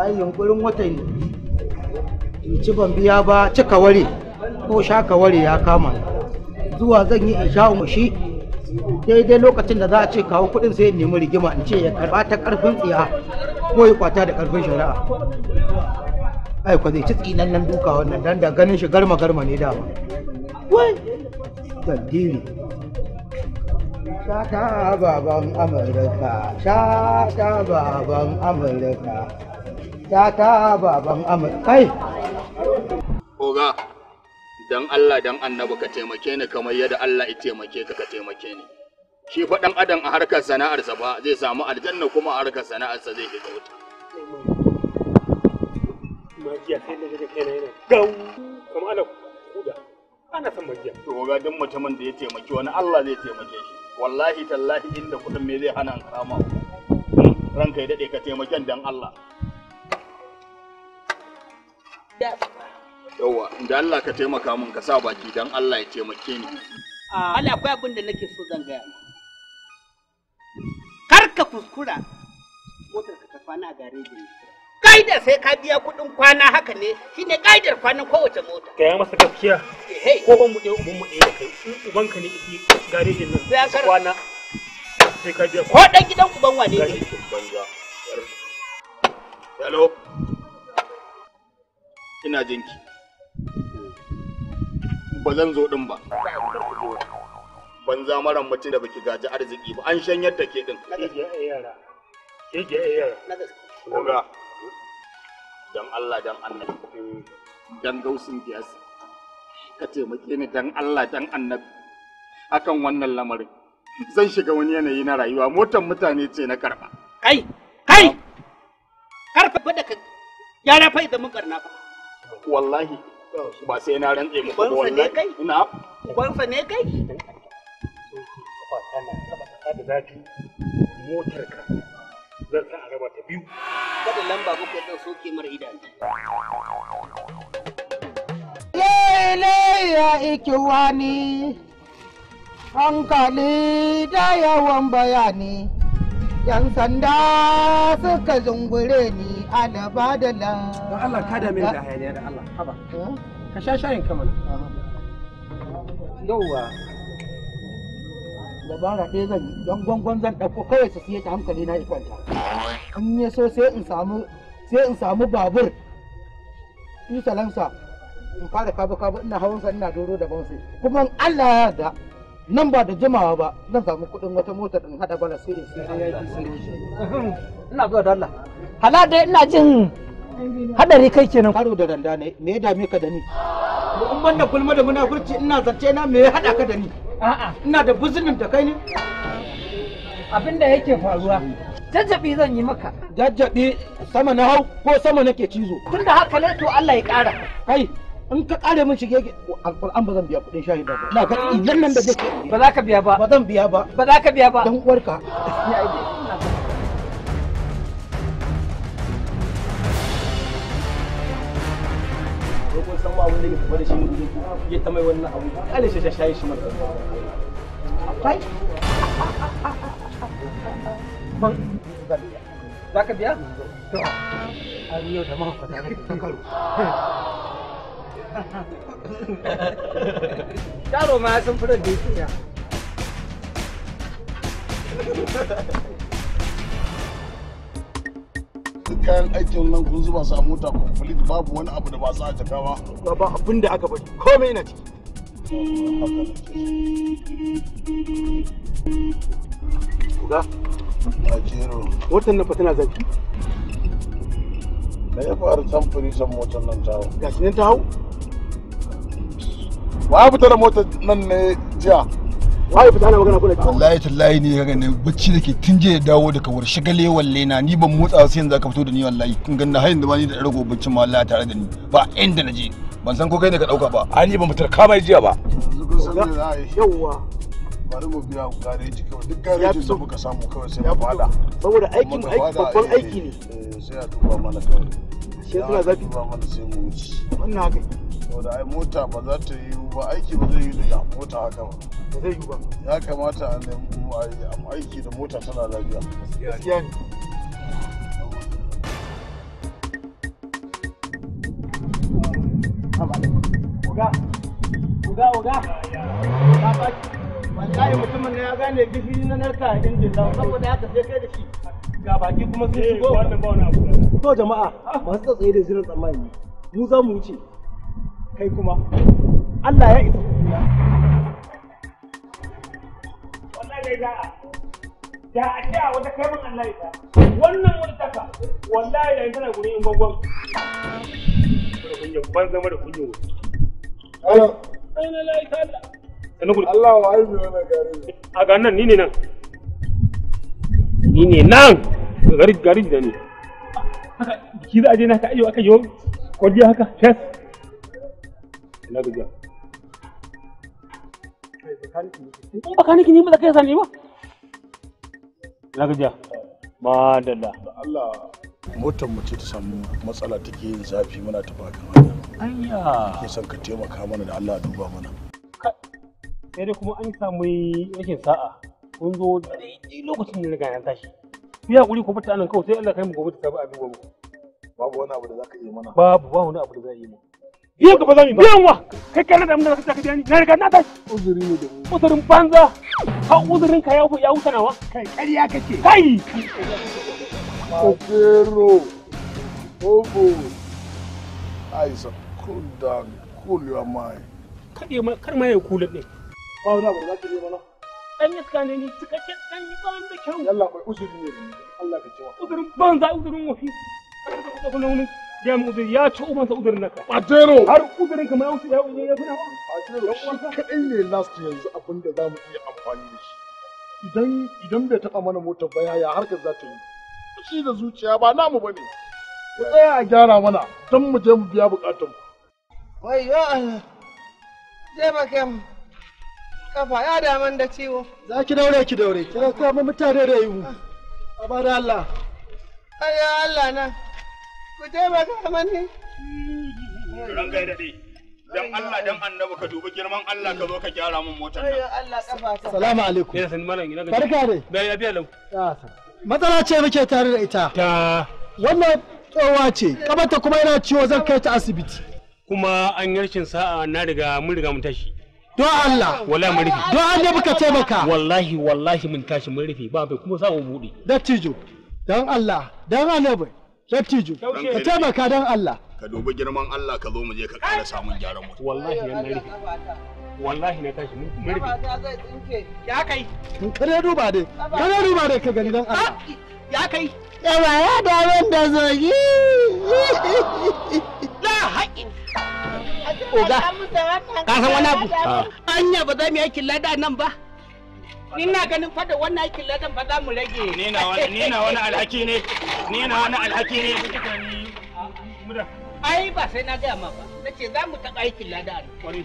ai yunkurin watanni. in ci ban biya ba cika ware ko shaka ware ya kama zuwa zan yi in shi daidai lokacin da za a ce kawo kuɗin sai nemi rigima in ce ya karɓa ta ƙarfin tsiya ko ya kwata da ƙarfin shari'a ai kwa zai ci tsinannen duka wannan dan da ganin shi garma garma ne dama wai dandiri shata baban amurka shata baban amurka ya ta baban amur kai oga dan Allah dan annabi ka taimake ni kamar yadda Allah ya taimake ka ka taimake ni shi fa dan adam a harkar sana'arsa ba zai samu aljanna kuma a harkar sana'arsa zai ga wuta magiya kai da kake kai ne gau ana kuda ana san magiya to ga dan mutumin da ya taimake wani Allah zai taimake shi wallahi tallahi inda kudin me zai hana an kama. Hmm, ranka ya dade ka taimaken dan Allah Yawwa, da Allah ka taimaka min ka sa baki don Allah ya taimake ni. Allah akwai abin da nake so zan gaya Kar ka kuskura motar ka ta kwana a garejin. Kaidar sai ka biya kuɗin kwana haka ne shi ne kaidar kwanan kowace mota. Ka yi masa gaskiya. Ko ban buɗe uban mu ɗaya da kai. uban ka ne isi garejin nan. Kwana. Sai ka biya. Ko ɗan gidan uban wane ne? Hello. ina jinki ba zan zo din ba Ban za maran mutum da baki gaji arziki ba an shan yadda ke din ayyara eh, eh, don Allah don annabi, hmm. dan gausin biyasi, ka taimake ni don Allah don annabi akan wannan lamarin. Zan shiga wani yanayi na rayuwa Motan mutane ce na karɓa. Kai, kai, karfa da ka gyara fa idan mun karna fa. wallahi ba sai na rantse muku ba wallahi ina ubansa ne kai da zafi motar ka zan sa a raba ta biyu kada lamba ku kai soke mar idanu Lailai ya ikiwani hankali da yawan bayani yan sanda suka zungure ni la. don Allah ka dame da hayaniya da Allah haba eh? ka sha shayin ka mana yauwa dabara ɗaya zan don gwangwan zan ɗauko kawai su siya ta hankali na ikonta in ya so sai in samu sai in samu babur isalansa in fara kaba kaba ina hawansa ina doro da bonsai. kuma Allah ya yarda nan ba da jimawa ba zan samu kuɗin wata mota in hada bala sai in sai ya ina zuwa da Allah hala dai ina jin hadari kai kenan karo da randa ne me ya dame ka da ni to in banda kulma da munafurci ina zance na me ya hada ka da ni a'a ina da buzunin da kai ne abinda yake faruwa jajjabi zan yi maka jajjabi sama na hau ko sama nake cizo tunda haka ne to Allah ya kara kai in ka kare min shige alquran ba biya kuɗin shahi ba na ga idan nan da zai ba za ka biya ba ba zan biya ba ba za ka biya ba dan uwarka san ke tafa da shi ya ta mai wannan abu kale shi shayi shi mata ban za ka biya to a yau da mahaifata ta yaro kayan aikin nan kun zuba su a mota complete babu wani abu da ba su a jaka ba ba abin da aka bari komai na ciki ga watan nan fa tana zafi me ya faru samfuri san motar nan ta hau ga shi ta hau wa fita da motar nan ne jiya waye fita ana magana kuna ta wallahi tallahi ne ga ne bacci da ke tun da dawo daga war shagale walle na ni ban motsa sai yanzu aka fito da ni wallahi kin ganna har yanzu ba ni da rago bacci ma wallahi tare da ni ba inda je ban san ko kai ne ka ɗauka ba a ni ban mutar ka mai jiya ba yawa bari mu biya gareji kawai duk garejin da muka samu kawai sai mu fada saboda aikin babban eh, aiki ne eh, sai a duba mana kawai sai suna zafi ba mana sai mu wuce wannan haka ai mota ba za ta yi ba aiki ba zai yi da mota haka ba ba zai yi ba ya kamata a nemi aiki da mota tana lafiya gaskiya ne oga uga, uga, wallahi mutumin na ya gane gifi na narka injin da saboda haka sai kai da shi. ga baki kuma sun shigo eh, wannan ba wani abu to jama'a masu tsatsaye da zirin tsammani mu za mu wuce kai kuma Allah ya isa kuma wallahi da da a ce a wata kai mun Allah ya isa. wannan mun taka wallahi da tana gurin in gwangwan kunya ban zama da kunya wuri ana ana la ilaha illallah Allah wa aibi wa nagari a ga nan ni ne nan ni ne nan gari gari da ni haka biki za a je na ka ajiyo aka yi kwajiya haka fes ina gajiya in baka ni ba kai sani ba ina gajiya ba da da Allah motar mu ce ta samu matsala take yin zafi muna tafa bakin hanya anya ke san ka taimaka mana da Allah duba mana sai dai kuma an samu rashin sa'a kun zo daidai lokacin da na gana tashi ku hakuri ku fita nan kawai sai Allah kai mu gobe ta sabu a gobe babu wani abu da zaka yi mana babu ba wani abu da za yi mana yin gaba za mu yi yawa kai kana da mun ka zaka ji ni na riga na tashi uzuri ne da mu uzurin banza ha uzurin ka ya ya wuce nawa kai ƙarya kake kai Okero, Obo, Aisa, cool down, cool your mind. Kar ma ya kula ne. Ba wani abu da za ka yi mana. dan ya tsakanin ni cikakken ɗan yi ban da kyau yalla kai uzuri ne Allah ka cewa uzurin banza uzurin wafi ka kuma wani ya mu uzuri ya ci ubansa uzurin naka ajero har uzurin ka ma ya wuce ya uzuri ya guna ajero shi kaɗai ne last yanzu abin da zamu iya amfani da shi idan idan bai taɓa mana motar ba yaya harkar za ta yi shi da zuciya ba namu ne. ku tsaya a gyara mana don mu je mu biya bukatun mu wai yo Allah zai baka mu kafa ya daman da ciwo za ki daure ki daure ki rasa mu mutane da yiwu a da Allah ayya Allah na ku je ba ga mani ran gai dan Allah dan annabi ka dubi girman Allah ka zo ka gyara mun motar nan ayya Allah kafa ta Assalamu alaikum ina san malam ina ga barka ne da ya biya lau matsala ce muke tare da ita ta wannan tsowa ce ta kuma yana ciwo zan kai ta asibiti kuma an yarkin sa'a na riga mun riga mun tashi don Allah wallahi mun rufe don annabi ka taimaka wallahi wallahi mun tashi mun rufe ba bai kuma za mu bude dattijo don Allah don bai dattijo ka taimaka don Allah ka dubi girman Allah ka zo mu je ka kara samun gyaran mu wallahi yan rufe wallahi na tashi mun rufe ya kai ka duba dai ka duba dai ka gani don Allah ya kai da ya da wanda zogi la haƙin oga ka san wani abu ah. anya ba za mu yi aikin lada nan ba ni na ganin fada wannan aikin ladan ba za mu rage ni na wani ni na wani alhaki ne ni na wani alhaki ne ai ba sai na gaya ma ba nace za mu taɓa aikin lada ne.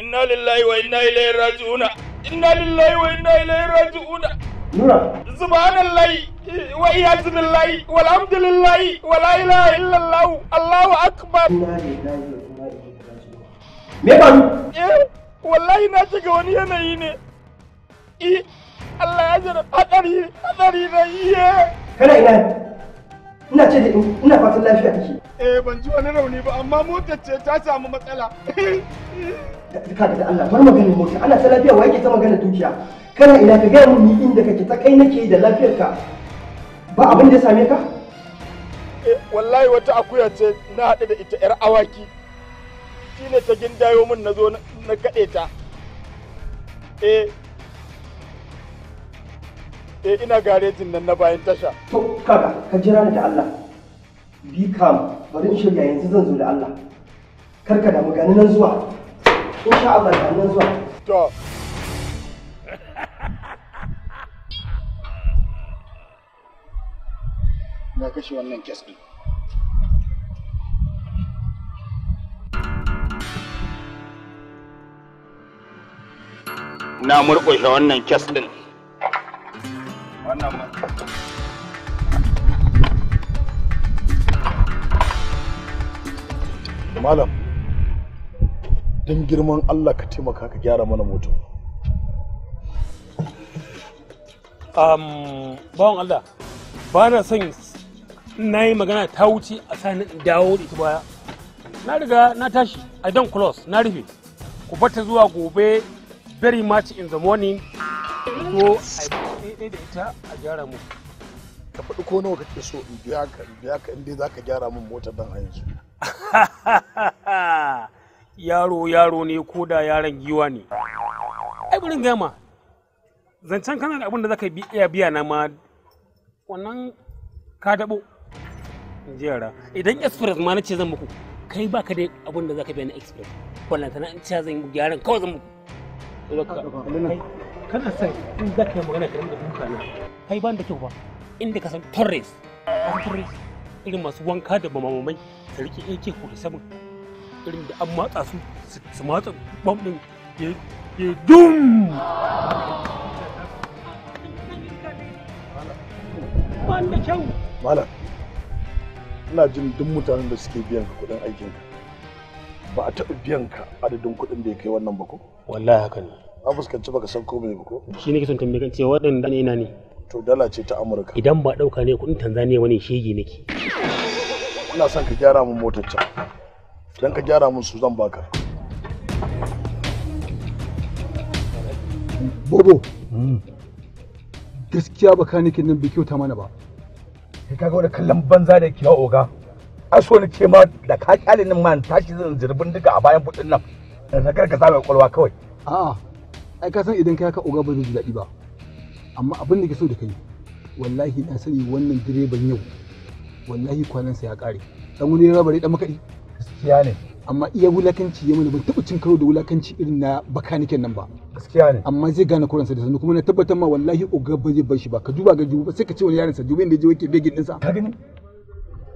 inna lillahi wa inna ilaihi raji'una inna lillahi wa inna ilaihi raji'una nura subhanallahi wa iyyazu billahi walhamdulillahi wa la ilaha illallah allahu akbar me ba eh wallahi na shiga wani yanayi ne eh Allah ya jira hadari hadari ne eh. kana ina ina ce da ina fatan lafiya kake eh ban ji wani rauni ba amma motar ce ta samu matsala ka da Allah bar maganin mota ana ta lafiya wa yake ta magana dukiya kana ina ka gaya mun ni inda kake ta kai nake da lafiyarka ba abin da ya same ka eh, wallahi wata akuya ce na hada da ita 'yar awaki shine ta gindayo min na zo na kade ta eh eh ina garejin nan na bayan tasha to kaga ka jira da Allah bi kam bari in shirya yanzu zan zo da Allah kar ka damu gani nan zuwa insha Allah gani nan zuwa to na kashe wannan kes din na murƙushe wannan kes din wannan malam don girman allah ka taimaka ka gyara mana moto um, bawan allah ba na son na yi magana ta wuce a sani dawo da ita baya na riga na tashi i don close na rufe ku bata zuwa gobe very much in the morning so I daidai da ita a gyara mu ka faɗi ko nawa kake so in biya ka in biya ka in dai zaka gyara min motar dan a yanzu yaro yaro ne ko da yaron giwa ne ai burin gama zancen kana da abin da zaka bi iya biya na ma wannan ka dabo in ji yara idan express ma nace zan muku kai baka da abin da zaka biya na express wannan tana in ce zan gyaran kawai zan muku kana san in za ka yi magana ka da duka na kai ban da kyau ba inda ka san torres torres irin masu wanka da mamamai su rike ake ko da sabon irin da an matsa su su matsa bam din ya dum ban da kyau malam ina jin duk mutanen da suke biyan ka kudin aikinka ba a taɓa biyan ka adadin kuɗin da ya kai wannan ba ko wallahi haka ne a fuskanci baka san ko ba ko shi ne kisan tambayar tambaye ce waɗanda ne na ne to dala ce ta amurka idan ba ɗauka ne kuɗin tanzania wani shege nake ina son ka gyara min motar can idan ka gyara min su zan baka bobo hmm. gaskiya baka nake nan bai kyauta mana ba kai kaga wani kallon banza da kiwa oga aso ni ce ma da ka kyale nan ma tashi zan zirbin duka a bayan budin nan da ka gargaza mai kwalwa kawai a'a ai ka san idan kai ka oga ba zai ji daɗi ba amma abin da ke so da kai wallahi na sani wannan direban yau wallahi kwanansa ya ƙare dan wani rabari dan makaɗi gaskiya ne amma iya wulakanci ya mana ban taɓa cin karo da wulakanci irin na bakaniken nan ba gaskiya ne amma zai gane kuransa da sanu kuma na tabbatar ma wallahi oga ba zai bar shi ba ka duba ga ba sai ka ce wani yaron sa juba inda je yake begin ɗinsa ka gani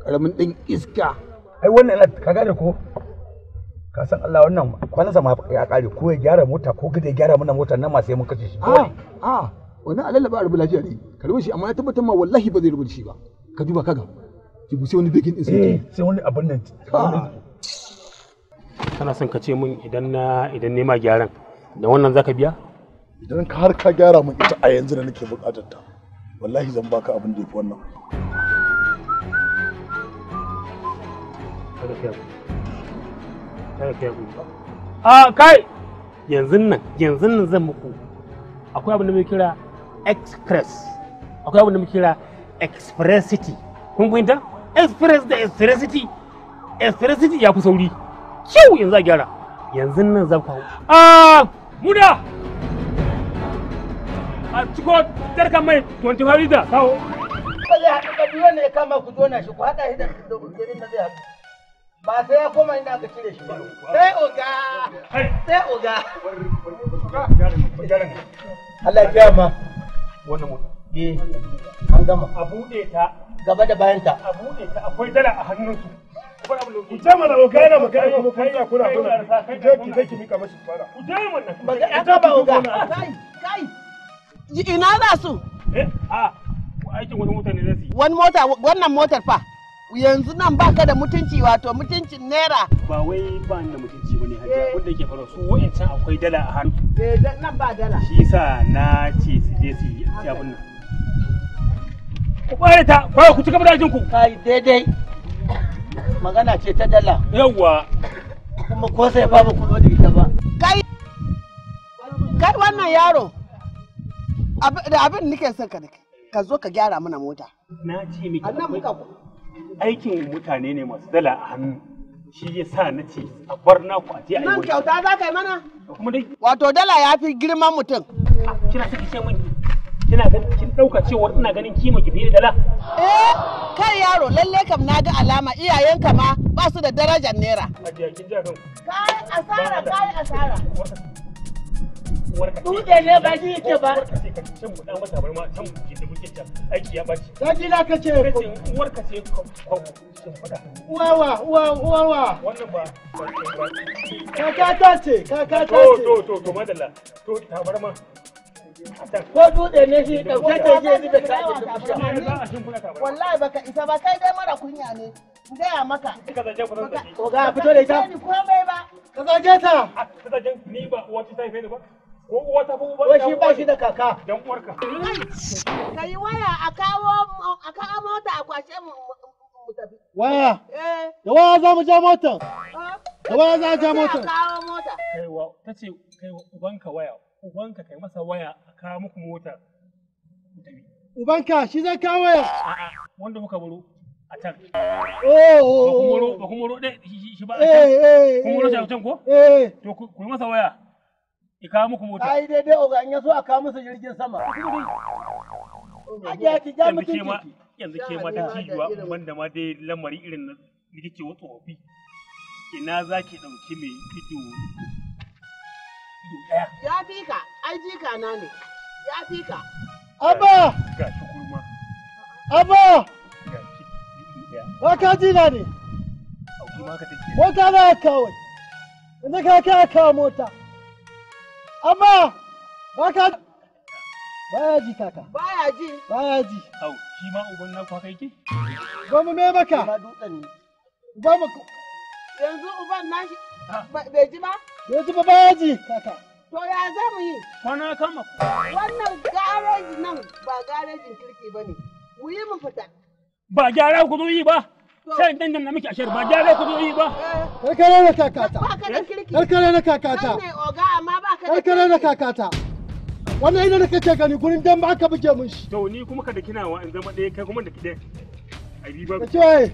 karamin ɗan iska ai wannan ka gane ko ka san Allah wannan kwanansa ma ya kare ko ya gyara mota ko gida ya gyara mana motar nan ma sai mun kace shi ah, ah, a a wannan alalla ba rubu lafiya ne ka rubu shi amma ya tabbatar ma wallahi ba zai rubu shi ba ka duba kaga ki sai wani bikin sai eh, sai wani abin nan ah. kana son ka ce min idan na idan nema gyaran da wannan zaka biya idan ka har ka gyara mun ita a yanzu da nake bukatar ta wallahi zan baka abin da yafi wannan Thank you. kada ka yi a kai yanzu nan yanzu nan zan muku akwai abin da muke kira express akwai abin da muke kira expressity kun fahimta express da ya fi sauri kyau yanzu a gyara yanzu nan zan kawo a muda! a ciko tarkan mai 25 da kawo. Ba zai haɗu ka biyo ya kama ku zo na shi ku haɗa shi da da zai haɗu. ba sai ya koma inda aka cire shi ba sai oga sai oga Allah ya kiyaye ma wannan mota eh an gama a bude ta gaba da bayan ta a bude ta akwai dala a hannunsu ku ce mana oga yana magana kuma kun iya kuna kuna ki je ki je ki mika mashi fara ku je mana magana ta ba oga kai kai ina za su eh a aikin wani mota ne zai su yi wani mota wannan motar fa yanzu nan baka da mutunci wato mutuncin naira ba wai ba da mutunci ne hajiya wanda eh. ke faru su wa'ancan akwai dala a hannu eh nan ba dala shi yasa na ce su je su yi cikin nan ku kware ta ku ku cika gaba da ku kai daidai magana ce ta dala yawwa kuma ko sai babu ku zo da ita ba kai kai wannan yaro da abin nake son ka ka zo ka gyara mana mota na ce miki aikin mutane ne masu dala a hannu shi ya sa na ce a bar naku a je a yi kyauta za ka yi mana kuma dai wato dala ya fi girman mutum ah, kina saki kishe mun kina ga kin dauka cewa ina ganin kima ki da dala eh kai yaro lalle kam na ga alama iyayenka ma ba su da darajar naira kai asara kai asara Dutse ne ba ji yake ba. Can mu dan mata can da muke aiki ya baci. ji na uwar ka ce Uwawa uwa uwawa. Wannan ba. Kaka ta ce kaka ta ce. To to to madalla. To tabarma. ko dutse ne shi ɗauke ta je ji da kaji wallahi baka isa ba kai dai mara kunya ne gaya maka ko ga fito da ita ka zaje ni ba ta haife ni ba ko uwa ta shi ba shi da kaka dan uwarka ka waya a kawo a kawo mota a kwashe mu tafi waya eh. da waya za mu ja motan da waya za mu ja motan a kawo mota tace kai ubanka waya ubanka kai masa waya a kawo muku mota ubanka shi zai kawo waya wanda muka buru a can oh, oh, ba kuma oh. ro ba shi ba a can eh, eh, kuma ro shi a can ko to ku masa waya Ki kawo muku mota. Ai daidai oga in yaso a kawo musu jirgin sama. Ajiya ki ja Yanzu ke ma cijuwa ma dai lamari irin na Ina Ya fi ai jika na ne. Ya fi Abba! Ga shi kurma. Abba! Ba ka ji na ne. Auki na kawai. Yanzu ka ka mota. Amma ba ka baya ji kaka. Baya ji. Baya ji. Au, shi ma uban na kwa kai Ba mu me maka. Ba dutsen ne. Ba mu yanzu uban shi. Ah. bai ji ba? Bai ji ba baya ji kaka. To ya za mu yi? Kwana kama. Wannan gareji nan ba garejin kirki ba ne. Mu yi mu fita. Ba gyara ku zo yi ba. sai dan nan a ashar ba da ku yi ba Kar karkare na kakata karkare na kakata karkare na kakata wannan ina da kake gani gurin dan ba ka buge mun shi to ni kuma ka da kinawa in zama ɗaya kai kuma da kiɗe a bi ba ce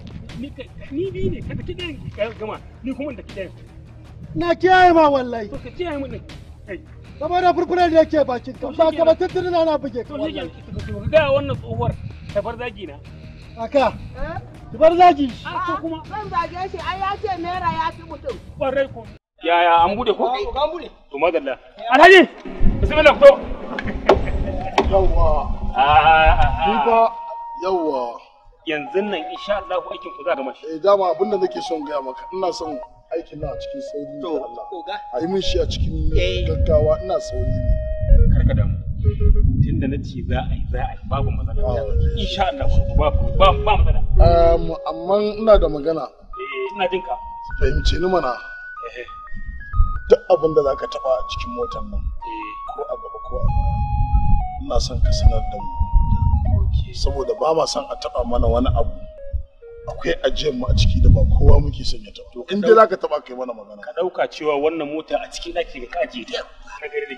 ni bi ne ka da kiɗe gama ni kuma da kiɗe na kiyaye ma wallahi to ka kiyaye mun kai saboda furfurar da yake bakin ka ba ka ba tuntun na na buge ka wallahi da wannan tsohuwar tabar zagi na aka eh? Zubar zagi. Ko kuma? Zan zage shi ai ya ce naira ya fi mutum. Kwarai ko. Yaya an bude ko? An bude. To madalla. Alhaji. Bismillah to. Yawwa. Ni ah, ah, ah, fa yawwa. Yanzu nan insha Allah aikin ku za ga mashi. Eh dama abin da nake son gaya maka ina son aikin na a cikin sauri da Allah. To ga. Ai mun shi a cikin eh. gaggawa ina sauri ne. Karka damu. lokacin da na ce za a yi za a yi babu matsala insha Allah babu ba ba matsala amma ina da magana eh ina jin ka fahimce ni mana eh. duk abin da zaka taba a cikin motar nan eh. ko a gaba ko a baya ina son ka sanar da mu saboda ba ma son a taba mana wani abu akwai ajiyar mu a ciki da ba kowa muke son ya taba to in dai zaka taba kai mana magana ka dauka cewa wannan mota a cikin ɗaki ka ajiye ta ka gare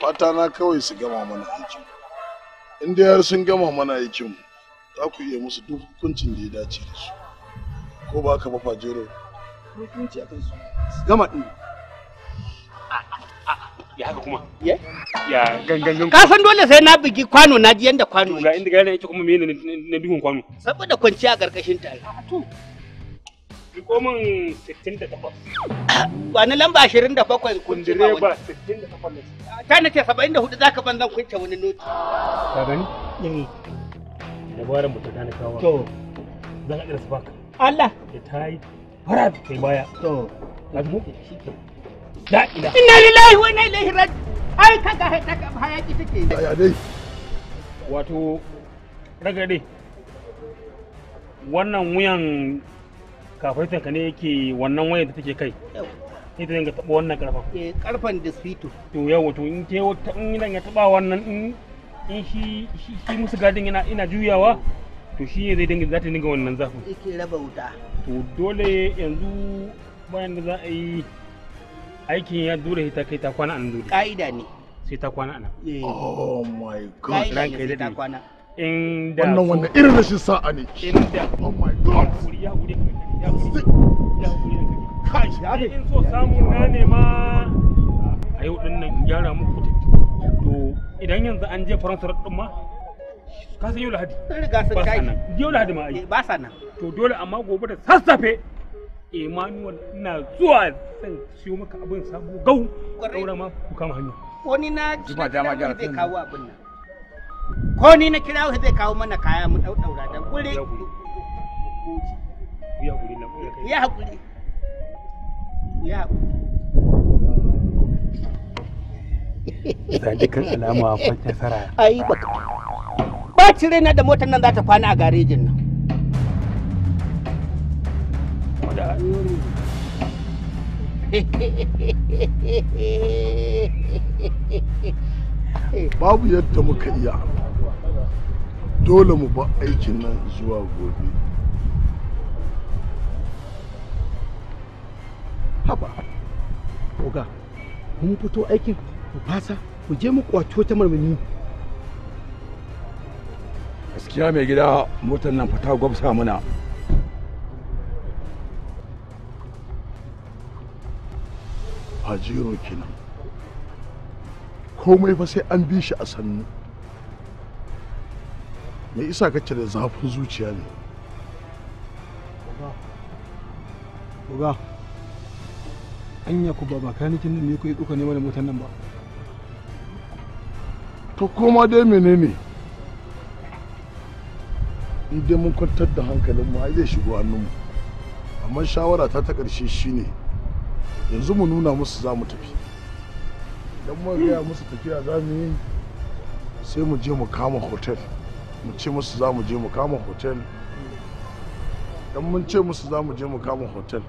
fatana kawai su gama mana aikin in dai har sun gama mana aikin za ku iya musu duk hukuncin da ya dace da su ko ba ka mafa jero hukunci a kansu gama din ya haka kuma ya ya gangan gangan ka san dole sai na bugi kwano na ji yanda kwano ga inda ga yake kuma menene na bihun kwano saboda kwanci a karkashin tare to Riko min 68. Ba lamba 27 kundire ba 68. Ta nace 74 za ban zan kunce wani noti. Ka gani? Eh. mutum ta nakawa. To. Zan su baka. Allah. Da ta yi kai baya. To. Shi ke. ila. Inna lillahi wa inna ilaihi Ai hayaki take. Wato Wannan wuyan kafin ka ne yake wannan wayar da take kai sai ta dinga taɓa wannan karfan eh karfan da sito to yau wato in ke wata in nan ya taɓa wannan in in shi shi musu gadin yana ina juyawa to shi ne zai dinga za ta dinga wannan zafin yake raba wuta to dole yanzu bayan da za a yi aikin ya dure ta kai ta kwana an dole ka'ida ne sai ta kwana nan eh. oh my god ranka ya ta kwana in da wannan wannan irin rashin sa'a ne in da oh my god in so samu na a yau din nan gyara muku to idan yanzu an je faransa din ma ka san yau lahadi ba sa nan yau lahadi ma ba sa nan to dole amma gobe da sassafe Emmanuel na zuwa zan siyo maka abin sabo gau daura ma ku kama hanya ko ni na jima jama jara zai kawo abin nan ko ni na kirawo zai kawo mana kaya mu daura da kure ya haƙuri ya ba na da motar nan za ta kwana a garejin nan babu yadda muka iya dole mu ba aikin nan zuwa gobe haba oga mun fito aikin ku fasa ku je mu kwato ta marmani gaskiya mai gida motar nan fata gwabsa muna hajiro kenan komai fa sai an bi shi a sannu mai isa kace da zafin zuciya ne Oga. anya ku ba ba kanikin nan ne ku yi ne mana motar nan ba to koma dai menene idan mun kwantar da mu ai zai shigo mu amma shawara ta ta karshe shine yanzu mu nuna musu za mu tafi idan mu gaya musu tafiya za mu yi sai mu je mu kama hotel mu ce musu za mu je mu kama hotel idan mun ce musu za mu je mu kama hotel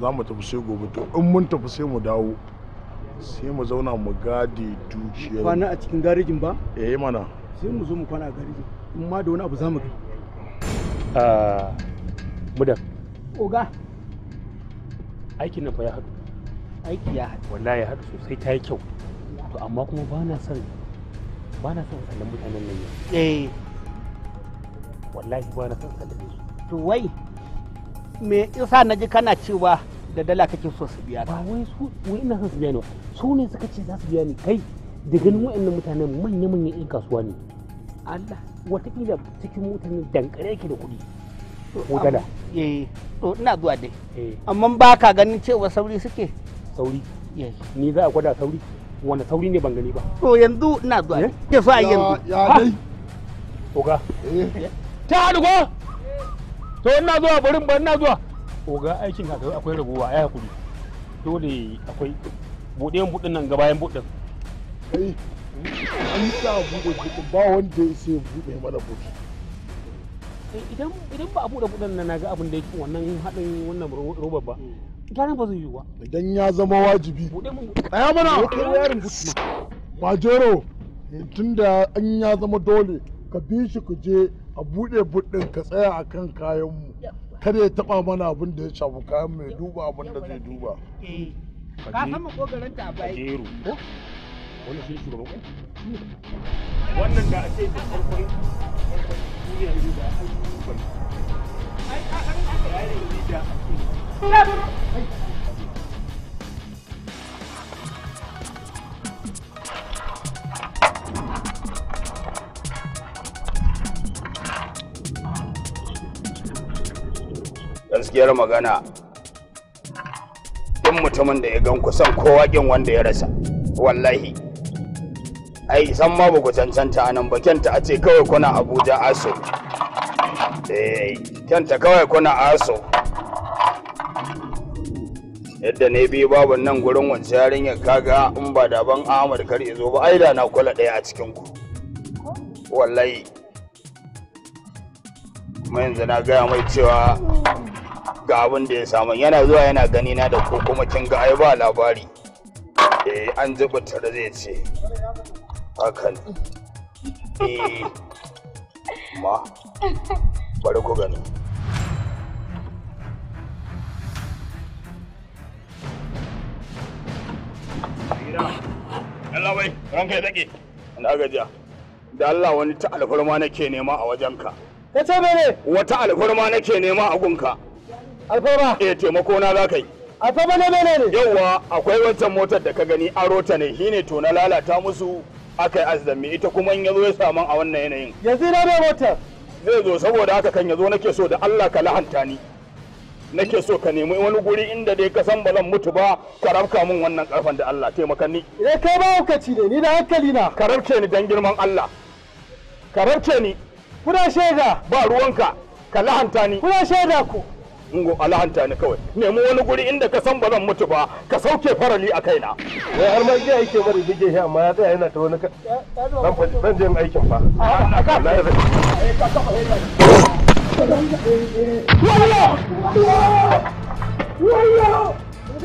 za mu tafi sai gobe to in mun tafi sai mu dawo sai mu zauna mu gadi dukiyar kwana a cikin garejin ba eh mana sai mu zo mu kwana a garejin in ma da wani abu za mu kai a ah, mudan oga aikin nan fa ya haɗu aiki ya haɗu wallahi ya haɗu sosai ta yi kyau to amma kuma ba na son ba na son sallan mutanen nan ya. eh wallahi ba na son sallan su to wai me yasa na ji kana cewa da dala kake so su biya ba wai su wai ina son su biya ni su ne suka ce za su biya ni kai da ganin wa'annan mutanen manya manyan yan kasuwa ne Allah watakila cikin mutane dankare yake da kuɗi ko dala eh to ina zuwa dai eh. amma ba ka ganin cewa sauri suke sauri eh. ni za a gwada sauri wanda sauri ne ban gani ba to yanzu ina zuwa eh? ke so a yanzu ya dai oga ta dugo to ina zuwa burin ba ina zuwa oga aikin haka akwai raguwa ya hakuri dole akwai buɗe yin budin nan gabayan buɗin budin an sa buɗe buɗin ba wanda ya sai buɗe mana buɗi eh, idan idan ba a buɗe buɗin nan na ga abin da yake wannan hadin wannan robar ba hmm. gyaran ba zai yi ba idan ya zama wajibi tsaya mana majoro tunda an ya zama dole ka bi shi ku je a buɗe buɗin ka tsaya a kan kayanmu kada ya taɓa mana abin da ya shafi kayan mai duba abin da zai duba ka san makogaranta a baya ko wani shi shugaban ku wannan da ake da farkon duniya ne da ayyukan ai ka san aka yi da gaskiyar magana ɗin mutumin da ya gan kusan kowa kin wanda ya rasa wallahi ai san ma ba ku cancanta a nan ba kyanta a ce kawai kuna abuja aso eh kyanta kawai kuna aso yadda ne biyu babu nan gurin wancan yarinyar kaga in ba da ban ahmad kar ya zo ba ai da na kula ɗaya a cikin ku wallahi kuma yanzu na gaya mai cewa ga abin da ya samu yana zuwa yana gani na da ko kuma kin ga ai ba labari eh an zuba tare zai ce hakan eh ma bari ku gani Allah bai ranka ya dake na gajiya da Allah wani ta alfarma nake nema a wajenka ka ce mene wata alfarma nake nema a gunka alfaba eh taimako na za ka yi alfaba ne ne ne yauwa akwai wancan motar da ka gani aro ta ne shine to na lalata musu aka yi azumi ita kuma in yazo ya samu a wannan yanayin yanzu na bai motar zai zo saboda haka kan yazo nake so da Allah ka lahanta ni nake so ka nemi wani guri inda dai ka san ba zan mutu ba ka rabka min wannan karfan da Allah taimakan ni eh kai ba hukaci ne ni da hankali na ka rabce ni dan girman Allah ka rabce ni kuna shaida ba ruwanka ka lahanta ni kuna shaida ku Ungo alahanta ni kawai. Nemi wani guri inda ka san ba zan mutu ba, ka sauke farali a kaina. Wai eh, har ma jiya yake mara bige shi amma ya tsaya yana ta wani kan zan je aikin fa. A ah, ah, ah, ka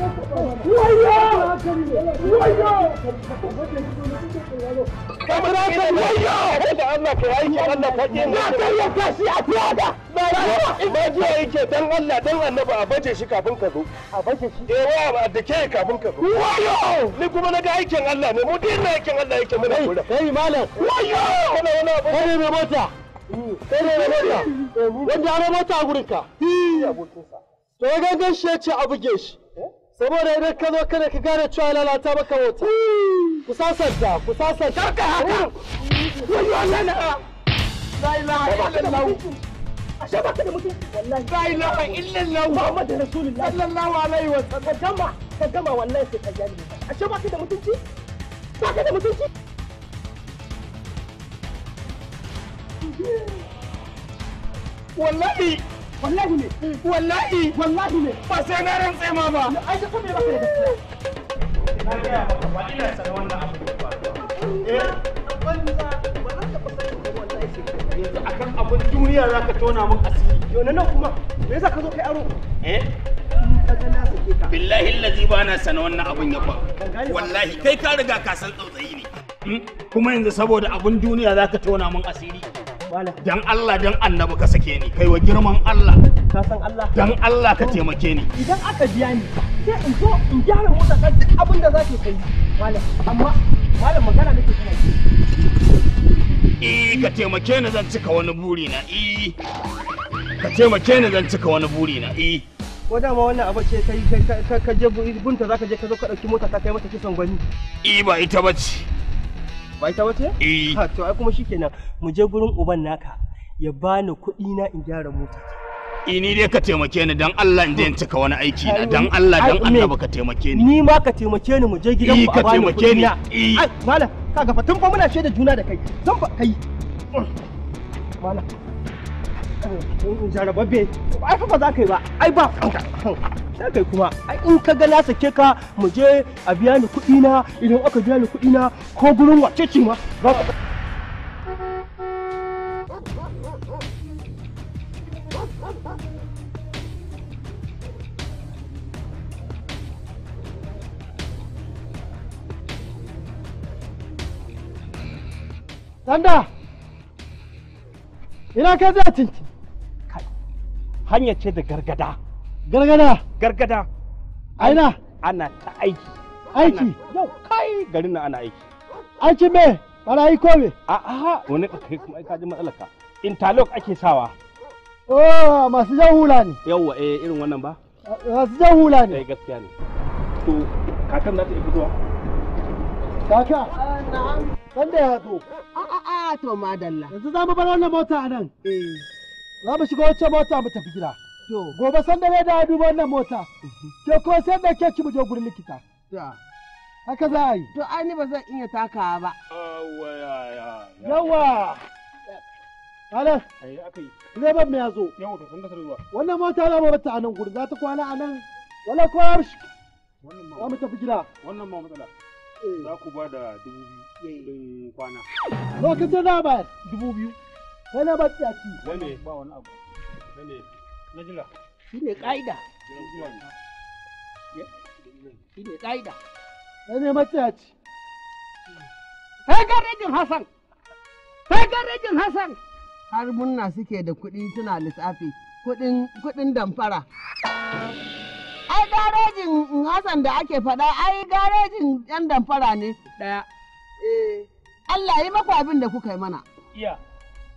kamar haka da ba yake dan Allah dan a baje shi ka zo a baje shi eh wa ka zo wayo ni kuma na ga aikin Allah ne mu aikin Allah yake muna kula wani abu kai mai a to ya gangan shi ce a buge shi saboda idan ka zo kada ka gane cewa lalata maka wuta ku sasanta ku sasanta karka haka Wani Allah na la ilaha illallah ashe baka da mutunci. wallahi la ilaha illallah muhammadu rasulullah sallallahu alaihi wa sallam ka gama ka gama wallahi sai ka gane ashe baka da mutunci baka da mutunci wallahi wallahi ne wallahi wallahi ne ba sai na rantse ma ba ai ba da ba ba eh banza ba za wallahi duniya za ka tona mun asiri yau nan kuma me yasa ka zo kai aro eh? billahi lazi ba na sana wannan ya wallahi kai ka riga ka san tsautsayi ne hmm? kuma yanzu saboda abin duniya za ka tona min asiri Dan Allah dan annabi ka sake ni kai wa girman Allah. Ka san Allah. Dan Allah ka taimake ni. Idan aka biya ni sai in zo in gyara mota ka duk abin da za ka yi. Malam amma malam magana nake kana Eh ka taimake ni zan cika wani buri na eh. Ka taimake ni zan cika wani buri na eh. ko dama wannan abu ce kai ka je bunta zaka je ka zo ka dauki mota ka kai mata kisan gwani eh ba ita bace Ba ita wace? Eh. Ha to ai kuma shikenan mu je gurin uban naka ya bani kuɗi na in gyara mota. Eh, ni dai ka taimake ni dan Allah in je in cika wani aiki na dan Allah dan Annabi ka taimake ni. Ni ma ka taimake ni mu je gidan mu eh, a bani kuɗi na. Eh. Ai malam ga fa tun fa muna shaida juna da kai. Tun fa kai. Malam. jarababbe ai fa ba za ka yi ba ai ba za ka yi kuma ai in ka ga na sake ka mu je a biya ni kuɗi na idan aka biya ni kuɗi na ko gurin wace ce ma za ka Sanda! Ina ka za cinci? hanyar ce da gargada gargada gargada aina ana ta aiki aiki yau kai garin nan ana aiki aiki me barayi ko me a a wani kai kuma ka ji matsalarka interlock ake sawa oh masu jan hula ne yawwa eh irin wannan ba masu jan hula ne eh gaskiya ne to kakan za ta yi fitowa kaka ah, na'am sanda ya to a a to madalla yanzu za mu bar wannan mota a nan eh za mu shiga wacce mota mu tafi gida gobe san da da duba wannan mota ke ko sai da ke mu je gurin likita haka za a yi to ai ni ba zan iya takawa ba yawa Alas, Ne ban ya zo. da Wannan mota za mu bata a nan gurin, za ta kwana a nan. Wala kwar. Za mu tafi gida. Wannan ma matsala. Eh. Za ku ba da dubu biyu eh. kwana. Lokacin na bayar. Dubu biyu. Kai na ba tsiya ci. Dame. Ba wani abu. ne Na jira. Shi ne ƙa'ida. Shi ne ƙa'ida. Kai ne matsiya ci. Kai rajin Hassan. Kai rajin Hassan. Har munna suke da kuɗi suna lissafi. Kuɗin damfara. Ai garejin Hassan da ake faɗa ai garejin 'yan damfara ne. Ɗaya. Eh, Allah yi maku abin da kuka yi mana. Iya.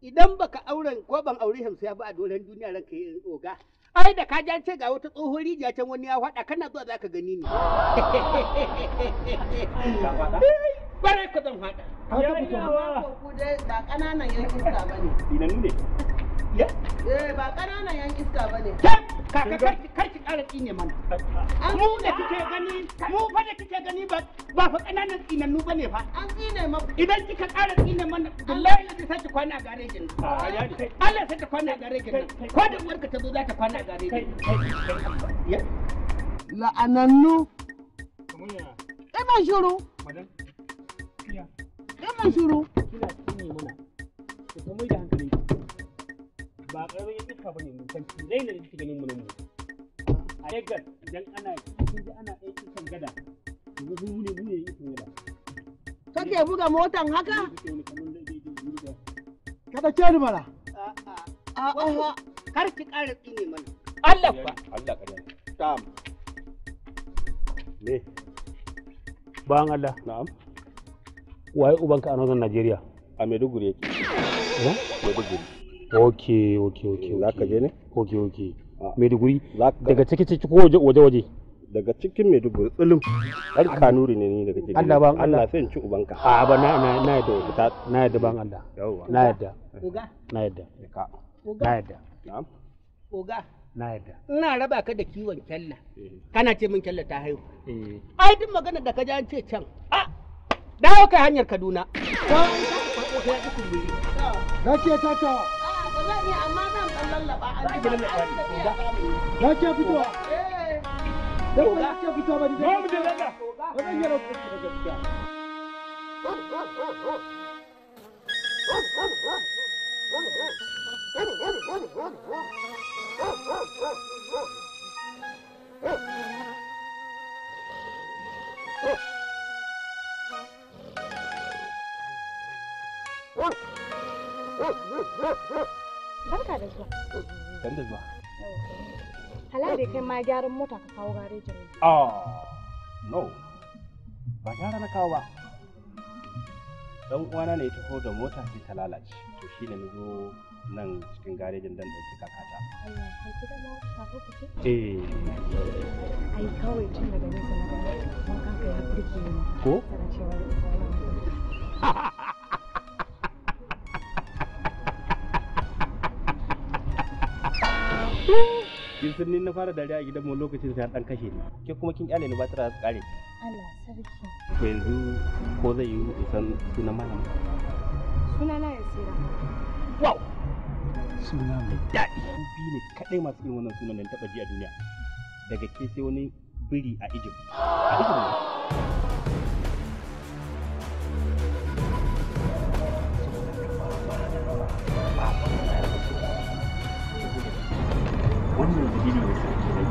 idan baka auren ko ban aure hamsiya ba a doren duniya ran ka yi oga ai da ka ce ga wata tsohon rijiya can wani ya faɗa kana zuwa zaka gani ne ku zan faɗa ya yi da ƙananan yankin ba ne Eh, ba ƙananan yan iska ba ne. Kaka ƙara tsine mana. Mu da kike gani, mu fa da kike gani ba fa ƙananan tsinannu ba ne fa. An tsine Idan kika ƙara tsine mana, kwana a Allah kwana a Ko da uwarka ta zo za ta kwana a La'anannu. Iman shuru. Iman shuru. Kina tsine mana. kuma da hankali. ba karamin yan iska bane mu kan tirai ne kike ganin mu nan a Lagos idan ana kun ji ana aiki kan gada yanzu mu ne mu ne kan gada ka ke buga motan haka ka dace ni mana a a a kar ki ƙara tsine mana Allah fa Allah kare tam ne bayan Allah na'am waye ubanka a nan Najeriya a Maiduguri yake Maiduguri ok ok ok eh, za ka je ne ok ok ah. maiduguri daga ciki ciki ko waje waje daga cikin maiduguri tsulum har kanuri ne ni daga cikin Allah ban Allah sai in ci ubanka a ah, ba na na na yadda fita na yadda ban Allah na yadda na yadda na yadda oga na yadda ina raba ka da kiwon kyalla eh. kana ce min kyalla ta haihu eh. ai duk magana da ka ji an ce can a dawo kai hanyar Kaduna ko an ka ko ya ci kumburi gaskiya ta tawa Ya ke fitowa. Yau ya ke Barka da zuwa. Dan da zuwa. Halali kai ma gyaran mota ka kawo garejin. Ah, no. Ba gyara na kawo ba. Dan uwana ne ya taho da mota sai ta lalace. To shi ne zo nan cikin garejin dan ɗauki kata. Eh. Ai kawai tun daga nesa na ga mun kanka ya burge ni. Ko? Ha ha. kin san ni na fara dariya a gidan mu lokacin sai dan kashe ni ke kuma kin kyale ni ba tara kare Allah sarki to yanzu ko zai yi in san sunan malamin sunana Yasira wow suna mai daɗi ku bi ne kaɗai masu irin wannan sunan da taɓa ji a duniya daga ke sai wani biri a Egypt a Egypt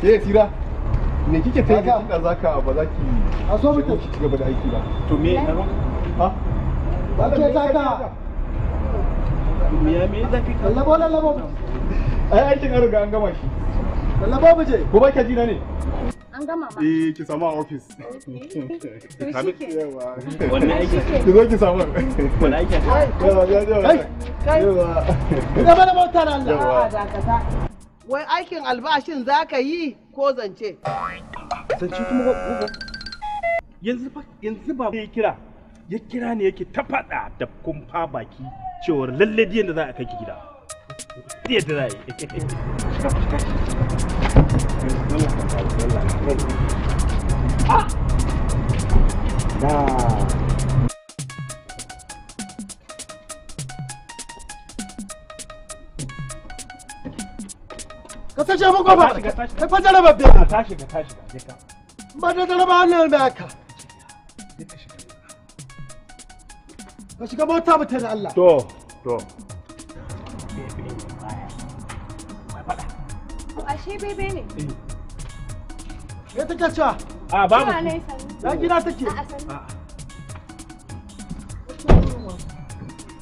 ke tira me kike ta yi da zaka ba za ki a so ki ci gaba da aiki ba to me na ha ba ke taka me ya me da kika lallabo lallabo ai aikin an an gama shi lallabo buje ko ba ka ji na ne an gama ma eh ki samu a office kabi yawa aiki ki zo ki samu wani aiki yawa yawa yawa yawa yawa yawa yawa yawa yawa wai aikin albashin za ka yi ko zance zance kuma gugu. yanzu ba yanzu ba ya kira ya kira ne yake ta faɗa da kumfa baki cewar lalle diyan da za a kai gida diyan da za a yi Ah! ka ta shafa kofa ka fa jaraba biya ka tashi ka tashi ka ba da jaraba hannun mai aka ka shiga mota mutum da Allah to to ashe bebe ne me take cewa a babu na gida take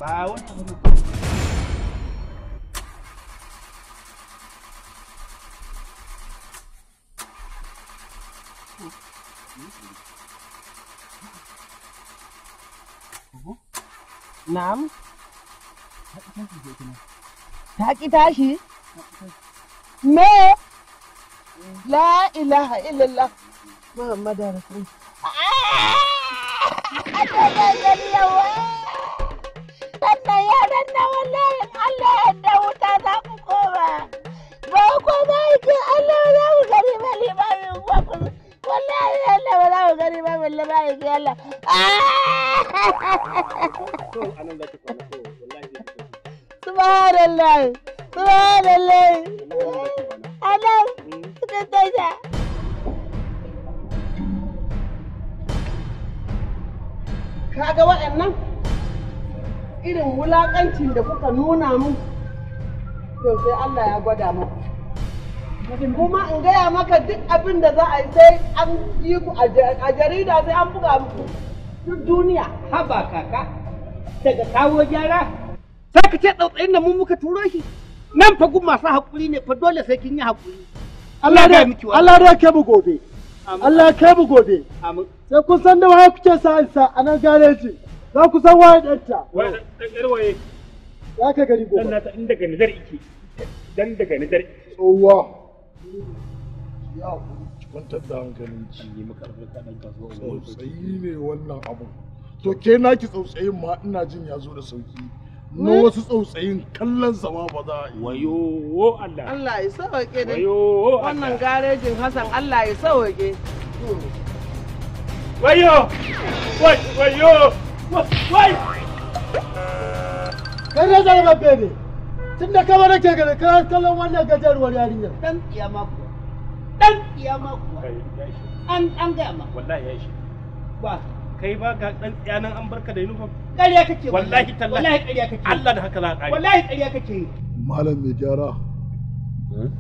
ba wani abu Na'am. Ta ki tashi? Me? La ilaha illallah Muhammadu Rasul. Wannan yaran na wallahi Allah ya wuta za ku koma. Ba ku Allah ba Allah ba za ku Allah. Ah! subhanallah subhanallah anan cikin kaga waɗannan irin wulaƙancin da kuka nuna mu to sai Allah ya gwada mu kuma in gaya maka duk abin da za a yi sai an yi ku a jarida sai an buga muku duk duniya haba kaka daga kawo gyara sai ka ce tsautsayin da mun muka turo shi nan fa gun masu haƙuri ne fa dole sai kin yi haƙuri Allah da miki Allah ya ke mu gobe Allah ke mu gobe sai kun san da wai kuke sa sa a nan gareji za ku san waye ta waye dan waye za ka gari gobe dan in daga nazar iki dan daga nazar tsowa ya kwantar da hankalin ji maka ka zo sosai ne wannan abun to ke naki tsautsayin ma ina jin ya zo da sauki na hmm? wasu tsautsayin kallon sama ba za a yi wayo wo Allah Allah ya sauke dai wayo wannan garejin Hassan Allah ya sauke wayo wai wayo wai kai ne zai babbe ne tun da kama nake ga kana kallon wannan gajeruwar yarinya dan iya mako dan iya mako an an ga ma wallahi ya shi ba kai ba ga dan tsayanan an barka da uniform ƙarya kake wallahi tallahi wallahi ƙarya kake Allah da haka za a ƙare wallahi ƙarya kake malam mai gyara hmm?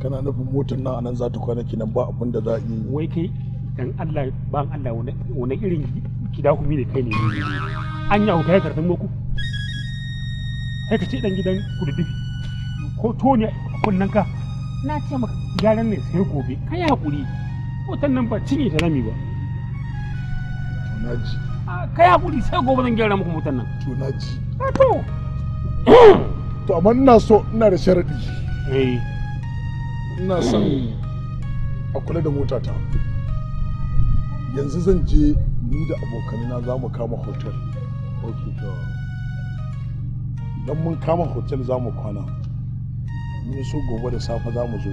kana nufin motar nan anan za ta kwana nan ba abin da za a yi wai kai dan Allah ban Allah wani irin gida ku ne kai ne an yi auka ya karfin moku kai ka ce dan gidan kududdufi ko to ne kunnan ka na ce maka gyaran ne sai gobe kai hakuri motar nan ba cinye ta zami ba kaya ah, kai hakuri sai gobe zan gyara muku motar nan to naji ah, to to amma ina so ina da sharaɗi. eh ina son a kula da motata yanzu zan je ni da abokanina za mu kama hotel Idan mun kama hotel za mu kwana mun so gobe da safe za mu zo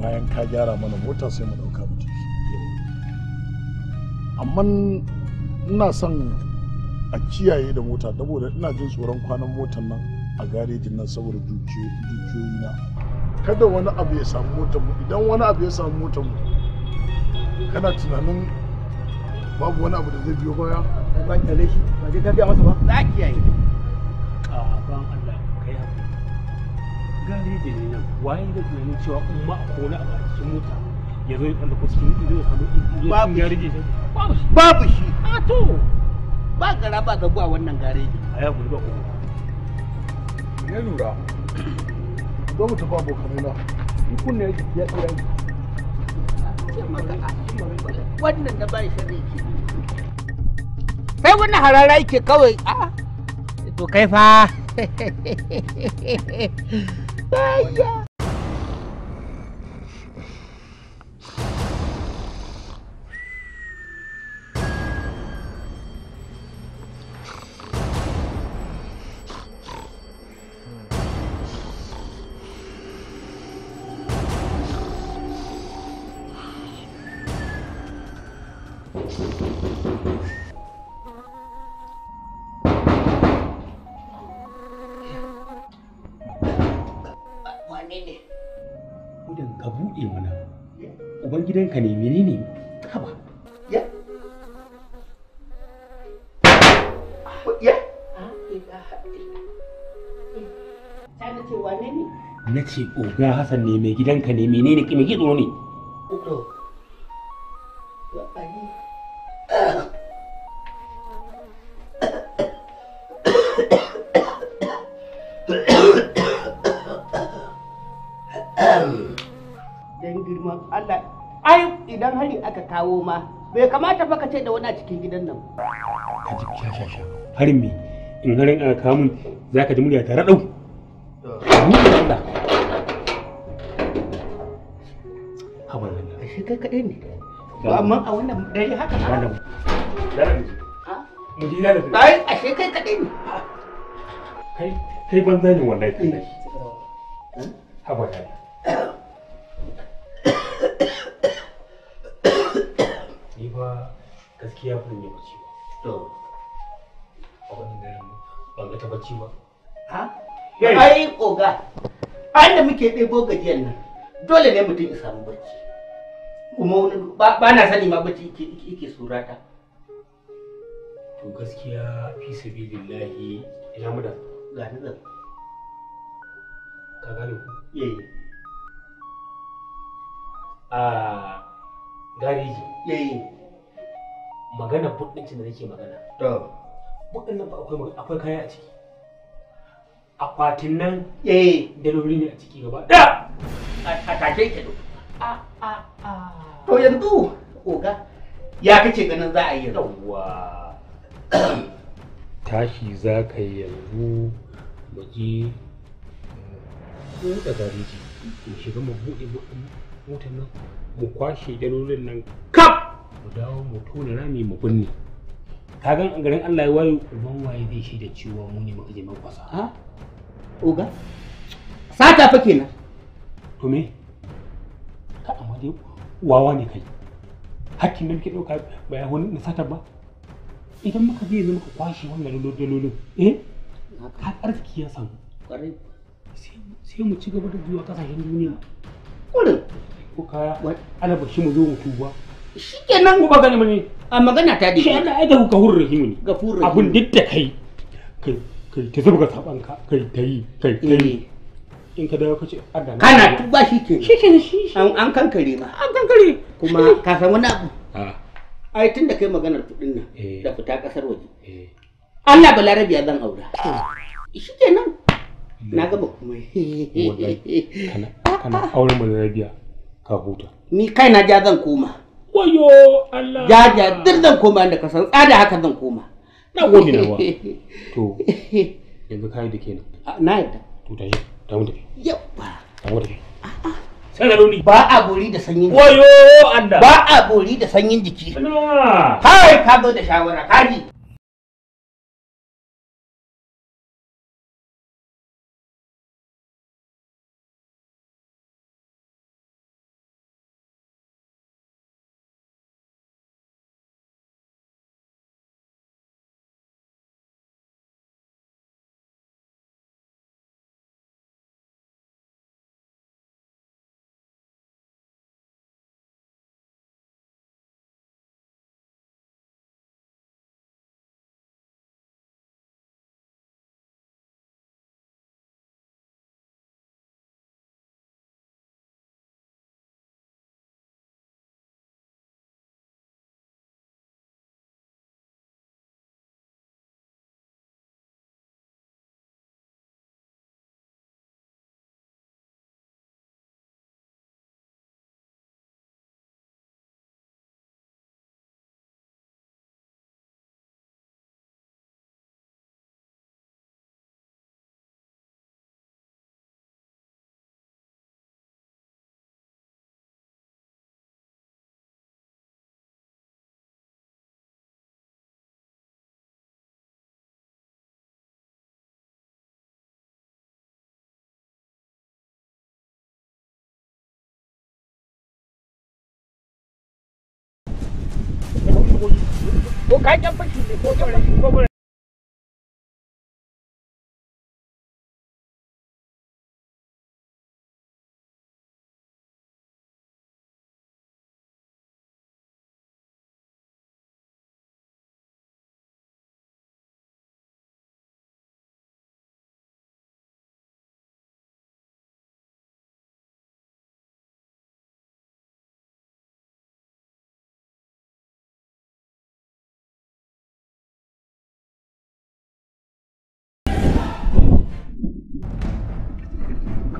bayan ka gyara mana mota sai mu ɗauka mutum amma ina son a kiyaye da mota saboda ina jin tsoron kwanan motan nan a garejin nan saboda dukiyoyi na kada wani abu ya samu motan mu idan wani abu ya samu motan mu kana tunanin babu wani abu da zai biyo baya ba ki shi ba ka biya masa ba za ki yayi ka ban Allah kai hakuri garejin ne nan waye da tunanin cewa umma a kona a cikin mota ya zo ya kwanta ko samu babu ya rige babu shi babu shi a to ba gara ba ga buwa wannan gareji a ya gudu ba ku ne lura zo mu tafi abokanai na yi kunna yake ya tsira yi wannan da bai shari ke sai wannan harara yake kawai a to kai fa yeah. ce ogan Hassan ne mai gidanka ne menene ki mai gizo ne girman Allah ai idan hari aka kawo ma bai kamata fa ka ce da wani a cikin gidan nan ka ji harin me in harin aka kawo mun zaka ji murya kai kaɗai ne to amma a wannan dare haka ba wannan ah? mu ji da ai ashe kai kaɗai ne kai kai eh. ban zani wallahi kai ne ha ba ta ni ba gaskiya kun yi bacci ba to a wannan dare ban ga ta bacci ba ha ai koga an da muke ɗebo gajiyar nan dole ne mutum ya samu barci kuma ba na sani ma bacci yake surata to gaskiya fi sabilillahi ina mu da ga ni zan ka gane ku eh a gareji eh magana budincin da nake magana to budin nan akwai akwai kaya a ciki akwatin nan eh daloli ne a ciki gaba da a take ke To yanzu oga ya kace ganin za a yi yawa Tashi za ka yi yanzu mu je buɗe gareji mu shiga mu buɗe motar nan mu kwashe dalolin nan kaf mu dawo mu tona rami mu binne. Ka gan garin Allah ya wayo uban waye zai shi da cewa mu ne muka je mun kwasa. Ha? Oga? Sata fa kenan. To me? ka amma dai wawa ne kai hakkin da muke dauka ba ya na satar ba idan muka je yanzu muka kwashe wannan dalolin eh ka karfi ya samu sai mu ci gaba da zuwa kasashen duniya ƙwarin ko ka kaya shi mu zo mu tuba shi kenan ko ba gani mu ne a magana ta dai shi Allah ai da ka hurra himu ne gafurra abun duk da kai kai ta zuba saban ka kai ta kai ta in ka dawo ka ce adana kana tuba shi ke shi ke shi an kankare ma an kankare kuma ka san wani abu ah. ai tun da kai maganar kuɗin nan eh. da fita ƙasar waje eh. Allah balarabiya zan aura shi ke nan na hmm. gaba kuma kana auren balarabiya ka huta ni kai na ja zan koma wayo Allah ja ja dir zan koma da ka san tsada haka zan koma na gode ah, na wa to yanzu kai da kenan na yadda to tashi Sararuni. Ba a bori da sanyin jiki. Wayo Allah. Ba a bori da sanyin jiki. Hai ka zo da shawara kaji. ko ko kayan fashi ne ko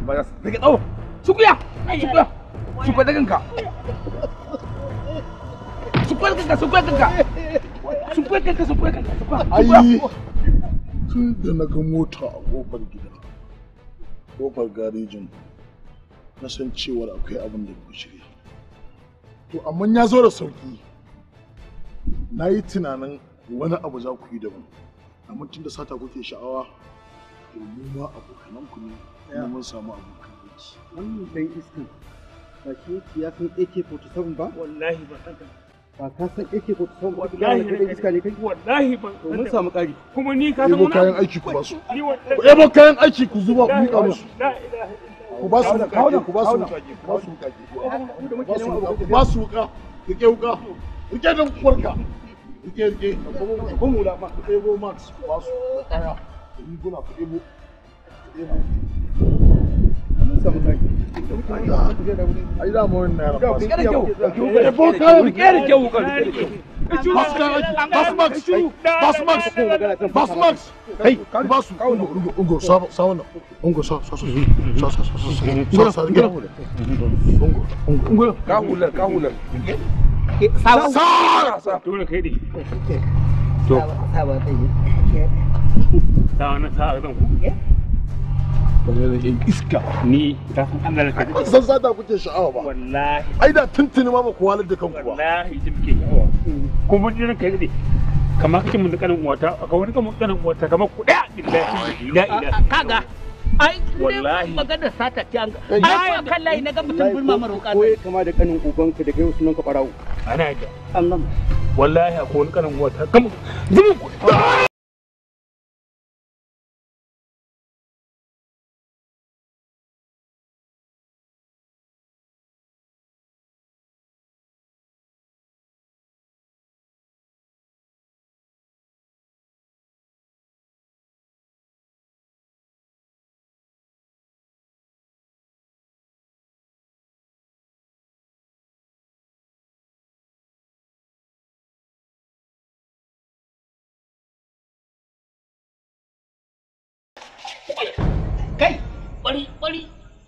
baras daga tsawo shukuya shukuya shukuya daga ka shukuya kanka shukuya kanka shukuya kanka shukuya kanka ayi tun da na ga mota a kofar gida kofar garejin na san cewar akwai abin da ku shirya to amma ya zo da sauki na yi tunanin wani abu za ku yi daban amma tun da sata kuke sha'awa domin ma abokananku ne kuma mun samu abokan aiki wannan dan iskan ba shi ya san AK47 ba wallahi ba ba ka san AK47 ba wallahi dan iska ne kai wallahi ba to mun samu kari kuma ni ka san mun kayan aiki ku ba su ebo kayan aiki ku zuba ku ka musu ku ba su kauna ku ba su ku ba su ku ba su ka rike wuka rike dan kwarka rike rike mu la ma ku ebo max ku kaya ku ebo Ai da kyau. Rike da kyau. Basmax. Basmax. Basmax. basu. Ungo, ungo, sa, sa wannan. Ungo, sa, sa, sa, sa, sa, kamar da yan iska ni ka san Allah ka ba san sata kuke sha'awa ba wallahi ai da tuntuni ma ku walar da kanku ba wallahi ji muke sha'awa kuma jin kai dai kamar kake mun kanin uwata akwai wani kanin kanin wata kamar ku daya billahi la ilaha kaga ai wallahi magana sata ce an ai kan layi na mutum bulma maro ka koyi kama da kanin ubanka da kai sunan ka barawo ana da Allah wallahi akwai wani kanin uwata kamar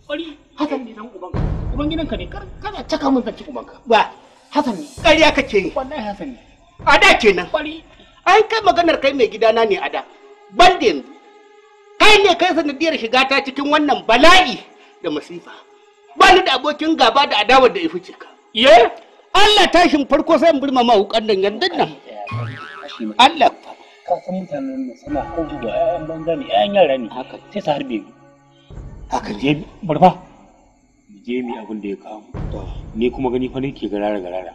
kwari hasan ne dan ubanka uban gidanka ne kana caka mun zance ubanka ba hasan ne ƙarya kake yi wallahi hasan ne a da kenan kwari ai kai maganar kai mai gidana ne a da ban yanzu kai ne kai sanadiyar shiga ta cikin wannan bala'i da masifa ba ni da abokin gaba da adawar da ya fice ye Allah tashin farko sai in burma ma nan yanzu nan Allah ka san mutanen suna banza ne yara ne haka sai su harbe haka je barba je mi abin da ya kawo ni kuma gani fa nake garara garara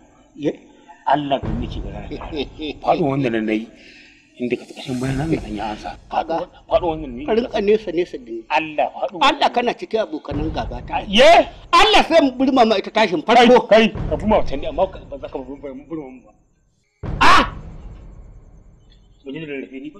Allah ka nake garara faɗo wanda nan nayi inda ka kashin bayan nan nan yi ansa faɗo faɗo wanda ni ka rinka nesa nesa da ni Allah faɗo Allah kana cikin nan gaba ta ye Allah sai mu burma ma ita tashin farko kai ka burma wata ne amma ba za ka burma mu ba ah Wani da rafi ni ba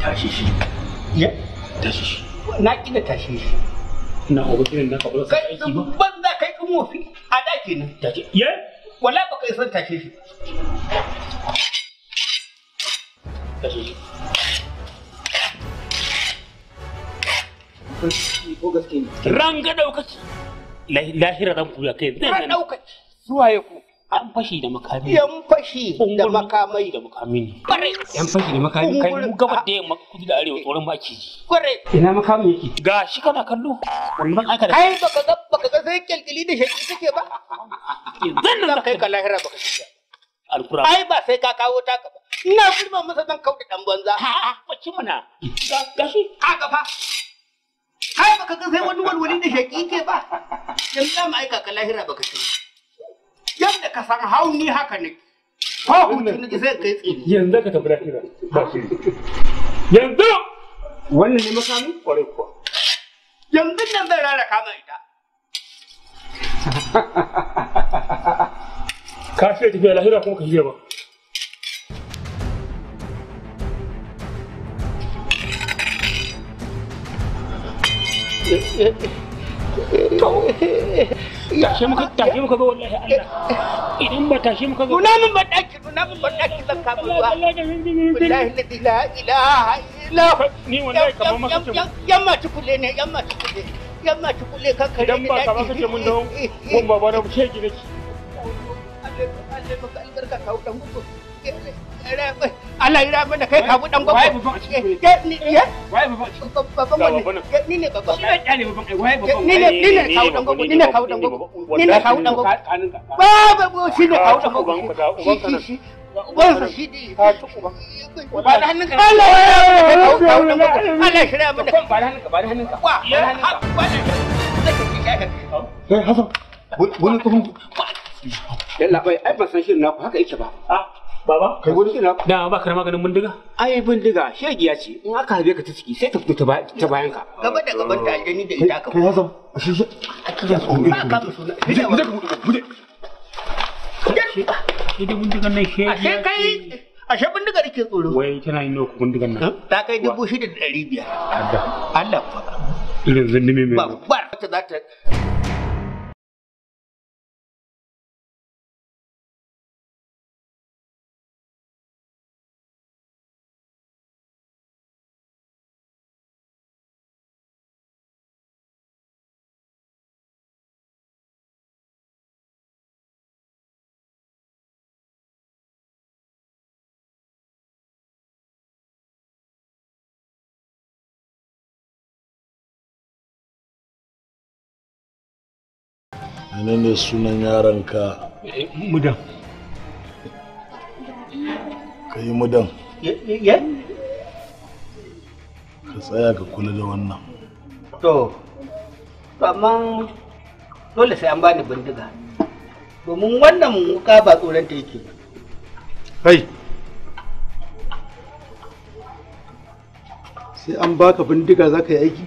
tashi shi ya tashi shi na kina tashi shi ina ogo kiran da ka ba sai aiki ba ban da kai kin wofi a daki nan tashi ya wallahi kai isa tashi shi tashi shi Ran ga lahira ran ku ya kai. Ran ɗaukaci, zuwa ya ku. An fashi da makami. Yan fashi da makamai. Da makami ne. Kwarai. Yan fashi da makami kai mu gabar da yamma kudu da arewa tsoron baki. Kwarai. Ina makami yake? Ga shi kana kallo. Wannan aka da. Ai baka ga baka ga sai kyalkyali da shaki take ba. Zan nan kai ka lahira baka shi. Alkura. Ai ba sai ka kawo ka ba. Ina filma masa zan kauda dan banza. Ha, bacci mana. Ga shi. Ka gafa. Ai baka ga sai wani walwali da shaki ke ba. Yanzu ma aika ka lahira baka shi. yadda ka san hauni haka ne ko hutu ne kai tsini yanzu ka ba shi yanzu wannan ne makami kwarai kuwa yanzu nan zai rara kama ita ka fiye tafiya lahira kuma ka shirya ba tashe muka tashe muka ga wallahi Allah idan ba tashe muka ga nuna mun ki nuna mun badaki zan ka ruwa wallahi la ilaha illa ni wallahi kamar maka ce tukule ne yamma tukule yamma tukule ka kare idan ba kamar mun ba gon baba na ce ki Allah Allah maka albarka ka hudan Allah ya rabu da kai ka dan gwagwa. Waye babban eh, ke ni eh? Waye babban babban Ke ni ne babban. Shi ne babban eh, waye babban. Ni ne ni ne kawo dan gwagwa ni ne kawo dan gwagwa. Ni ne dan gwagwa. ba shi ne dan gwagwa. ka Uban sa shi ne. Ka ci Ba da Allah ya da dan gwagwa. Allah ya da. Ba da ka ba da hannun Wa. Ba da Wani ai ban san shirin naku haka yake ba. Ah, Baba? Kai gudu ina? Da ba ka da maganin bindiga? Ai bindiga shege ya ce in aka harbe ka ta ciki sai ta fito ta bayan ka. Gaba da gaban ta aljani da ita ka. Kai hazo. Shi Shi A su. Ba ka mu suna. Muje muje muje. Shi da bindigan nan shegiya. Ashe kai ashe bindigar ke tsoro. Wai kina yin nawa bindigan nan. Ta kai dubu shida da ɗari biyar. Allah. Allah Ina zan zindimi mai. Ba ba ta za ta ne sunan yaranka mudan ka yi mudan ka tsaya ka kula da wannan to to amma dole sai an bani bindiga domin wannan wuka ba tsoron ta yake kai sai an baka bindiga za ka yi aiki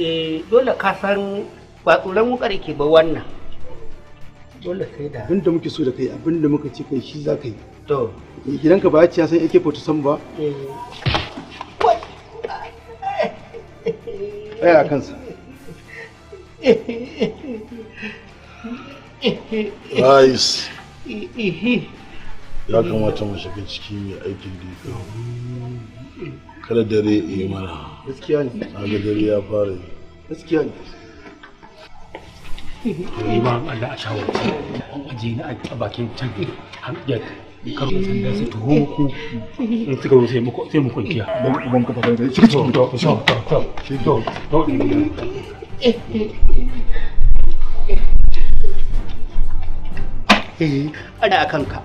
eh dole ka san ba tsoron wukar yake ba wannan dole kai da abinda muke so da kai abinda muka ce kai shi za ka yi to gidan ka ba ya san ake fotu san ba eh. tsaya a kansa Rice. Ya eh. kamata mu shiga ciki mai aikin dika. Kada dare ya yi mana. Gaskiya ne. Kaga dare ya fara yi. Gaskiya ne. ni ma Allah a shawarci a ni a bakin can ya karo sanda su tuho ku in suka zo sai mu ban ka fara shi to to to to to to eh, eh, eh. ana ka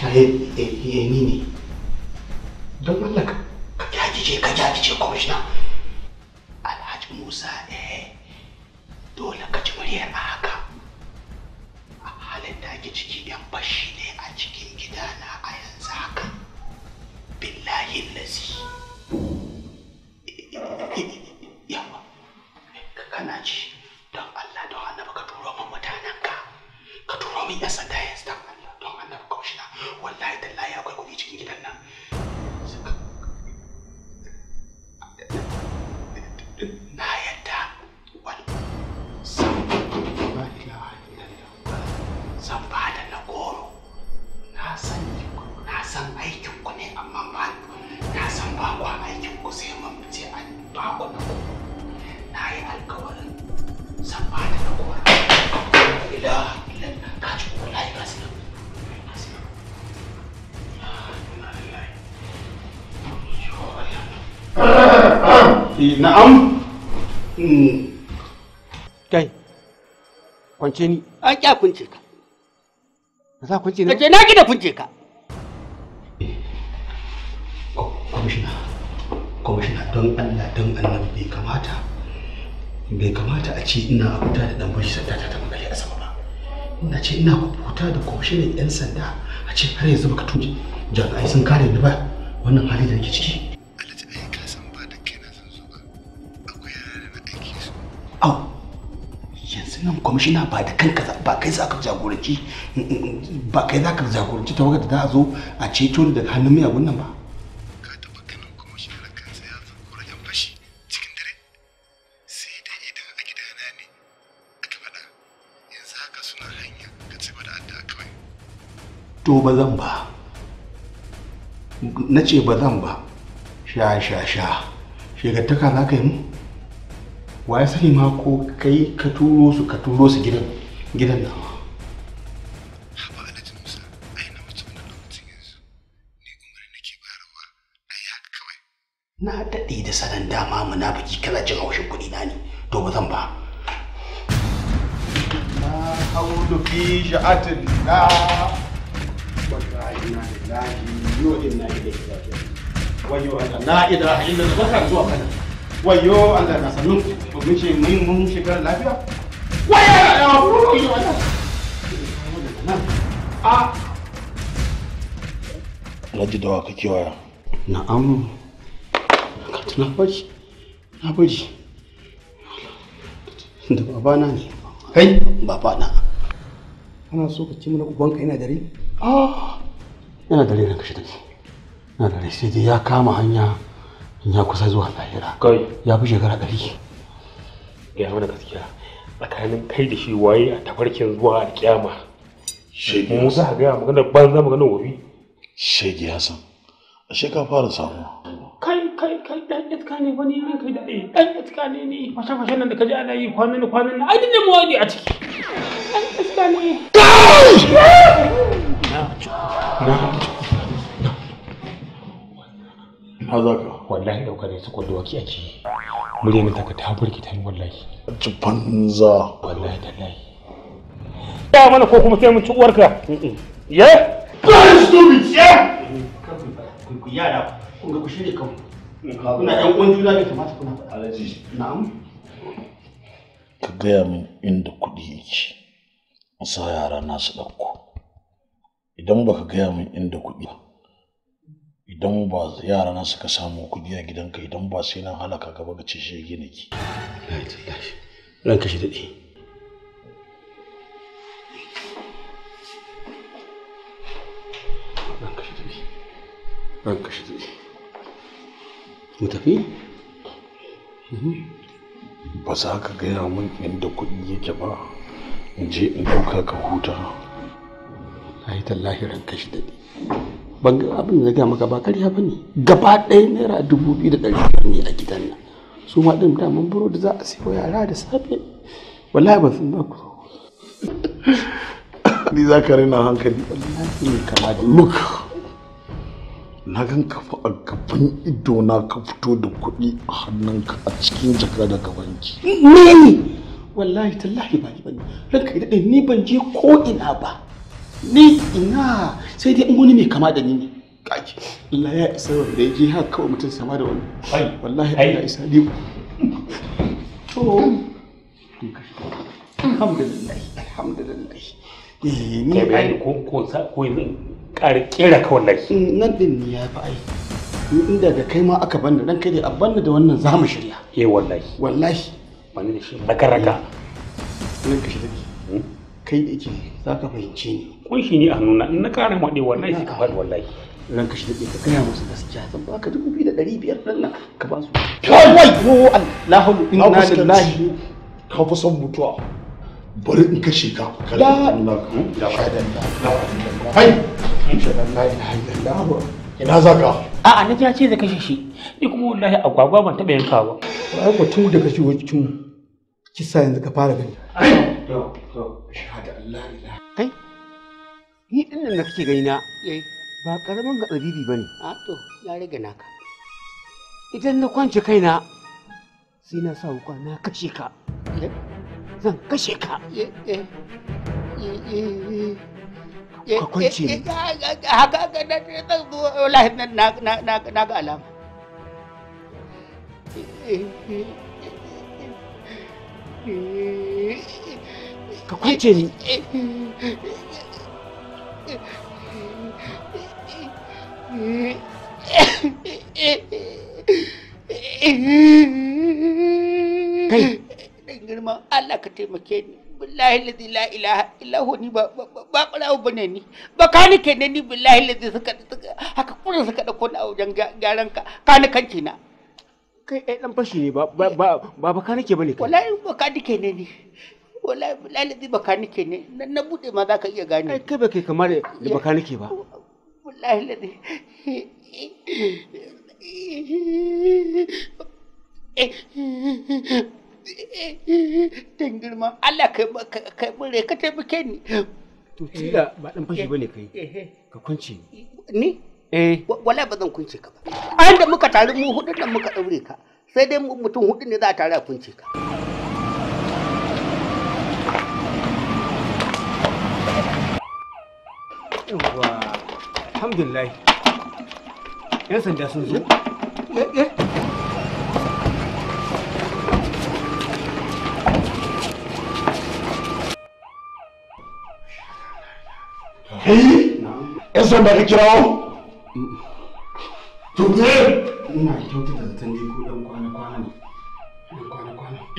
shaye ni ne don Allah ka jajice ka jajice kwamishina alhaji musa eh dole ka ci muryar a haka a halin da ake ciki yan bashi ne a cikin gidana a yanzu haka billahi lazi yawa kana ji don Allah don annabi ka turo min mutanen ka ka turo min yasa babu alkawarin zan ka ko eh, na'am hmm. kai kwance ni an kya kunce ka ba za kunce ni kace na gida kunce ka eh, kwamishina kwamishina don allah don annabi bai kamata bai kamata a ce ina huta da dan bashi sanda ta magana a sama ba ina ce ina kuta da kwamishinan yan sanda a ce har yanzu baka tuje jami'ai sun kare ni ba wannan hali da nake ciki Au, yanzu nan kwamishina ba da kanka ba kai za ka jagoranci ba kai za ka jagoranci ta da za a zo a ceto daga hannun miyagun nan ba. to ba zan ba na ce ba zan ba sha sha sha shegartaka za ka yi mu wa ya sani ma ko kai ka turo su ka turo su gidan gidan nan na daɗe da sanin dama munafiki kana jin haushin kuɗi na ne to ba zan ba na hau fi sha'atin na inna lillahi wa inna ilaihi raji'un wayo Allah la ilaha illa Allah kan zuwa kana wayo Allah na sanu mun ce mun mun shigar lafiya wayo Allah wayo Allah a Alhaji dawa kake waya na'am ka tuna bari na bari da babana ne kai babana ana so ka ci mana ubanka yana dare ah yana da rairan kashe take yana da rai sai dai ya kama hanya in ya kusa zuwa lahira kai ya fi shekara ɗari ya mana gaskiya tsakanin kai da shi waye a tafarkin zuwa alƙiyama shege musa ga maganar ban za maganar wofi shege ya san ashe ka fara samu kai kai kai dan itka ne wani ni kai da eh dan iska ne ni fashe fashe nan da kaji ana yi kwanan kwanan ai dinne mu wani a ciki dan itka ne na za ka wallahi ɗauka ne su kwallo waki ake muryar ta ka ta burkita wallahi ci banza wallahi tallahi ya mana ko kuma sai mu ci uwarka ya kai stupid ya ku yara kun ga ku kanku kuna ɗan uwan juna ne kamata kuna faɗa alaji na'am ka gaya min inda kuɗi yake sa yara na su ɗauko idan baka gaya min inda kuɗi ba idan ba yara na suka samu kuɗi a gidanka idan ba sai na halaka gaba ga cishe ya gina ki ranka mu tafi mhm. ba za ka gaya min inda kuɗi yake ba in je in ɗauka ka huta ai tallahi ranka shi dadi ban abin da ga maka ba ƙarya bani. gaba ɗaya naira dubu biyu da ɗari biyar ne a gidan nan su ma ɗin mun buro da za a sayo yara da safe wallahi ba sun ba ku ni za ka rina hankali wallahi ne kama da look na gan ka fa a gaban ido na ka fito da kuɗi a hannunka a cikin jaka da gabanki ne wallahi tallahi ba ni bane ranka idan ni ban je ko ina ba ni ina sai dai in wani mai kama da ni ne kaki Allah ya isa wanda ya je haka kawai mutum sama da wani wallahi Allah ya isa liyu to alhamdulillah alhamdulillah eh ni ai ko ko sa, ko yanzu karkira ka wallahi mm, nan din ne ya fa ai ni inda da kai ma aka banda dan kai dai a banda da wannan zamu shirya eh wallahi wallahi wani da shi raka raka eh, nan ka shi hmm? kai da yake za ka fahimce ni kunshi ne a nuna in na ƙara maɗe wallahi sai ka faɗi wallahi ran ka shirɗe ka gaya musu gaskiya zan baka dubu biyu da ɗari biyar ɗin nan ka ba su kawai ko Allah inna lillahi ka fi son mutuwa bari in kashe ka ka la hmm? ina za ka a'a na ya ce zai kashe shi ni kuma wallahi agwagwa ban taɓa yanka ba ai ko tun da kashe wajen kisa yanzu ka fara gani ai to to shahada Allah ilaha ni din nan da kake gani na ba karamin ga tsabibi ne. a to na rage naka idan na kwance kaina sai na sa wuka na kashe ka zan kashe ka ka kwance haka na na ga alama ka kwance ni kai dan girman Allah ka taimake ni billahi la ilaha ni ba ba ni ba ke ni billahi lazi suka haka kuma suka ni a wajen gyaran ka kanki na kai fashi ne ba ba ba ba ke kai wallahi ba ke ni wallahi lalazi nike ne na bude ma ka iya gane kai ba kai kamar da nike ba wallahi lalazi Tan girma Allah kai mure ka taimake ni. To tunda ba dan fashi eh, bane kai. Eh, eh. Ka kunce ni. Ni? Eh. Wallahi ba zan kunce ka ba. An da muka taru mu hudu da muka daure ka. Sai dai mutum hudu ne za a tare a kunce ka. alhamdulillah yan sanda sun zo eh, eh. yan sanda ka kirawo to me ina da zaton dai ko dan kwana-kwana ne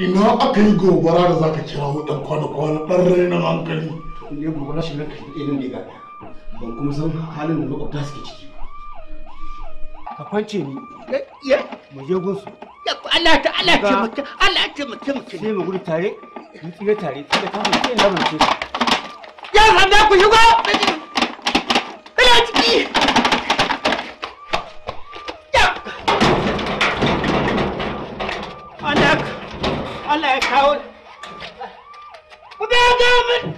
ina aka yi gobara da zaka kirawo dan kwana-kwana dan rainin hankali ne gobara shi ne ranka ne ga ban kuma san halin da makwabta suke ciki ka kwance ni mu je gunsu Allah ta Allah ta mutum Allah ta mutum sai mu tare mu tsira tare tsira ta ce ya sanda ku shigo ina ciki Allah Allah ya kawo ku ga ga mun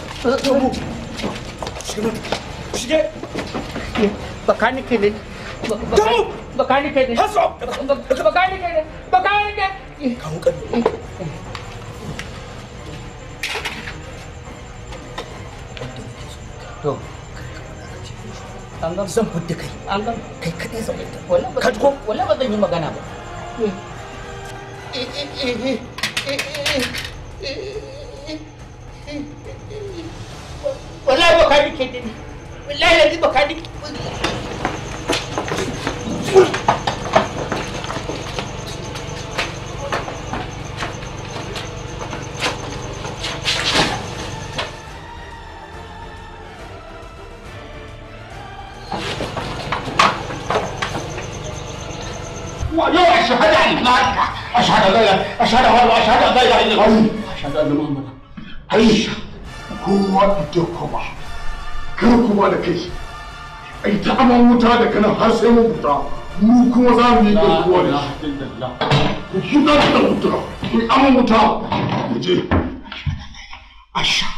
Tsoho. Shige. Shige. Bakanike ne. Tamu. Bakanike ne. Hasso. Bakanike ne. Bakanike. Kawo kanu. To. An gama. Zan fudda kai. Kai kaɗai zan fudda. Wala ba zan yi magana ba. Eh wallahi ba ka dike dini wallahi yanzu ba ka dike أشهد أن لا إله أشهد أن لا إله أشهد أن لا إله إلا الله أشهد أن محمدا عيشة kowa fito kuma kar kuma da kai ai ta aman wuta da kana har sai mu fita mu kuma za mu yi garkuwa da shi ku fita da wuta ku aman wuta ku je asha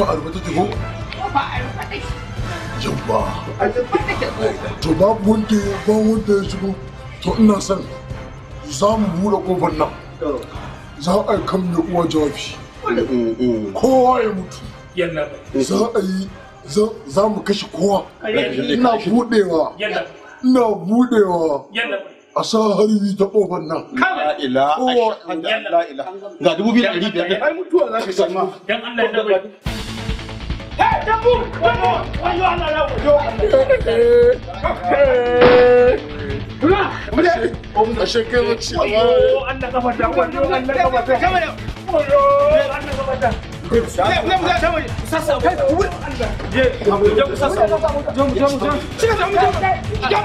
kuma a rubuta jiho? ba a rubuta yawa to ba wanda ya ba wanda ya shigo to ina son za mu za a yi kan uwa jawabi kowa ya mutu za a yi za mu kashe kowa ina buɗewa ina buɗewa a sa harbi ta kofar nan. Kama ila, ga dubu biyar ɗari biyar. Ai mutuwa za ka Dan Allah ya Hey, the book! Come on! A kafa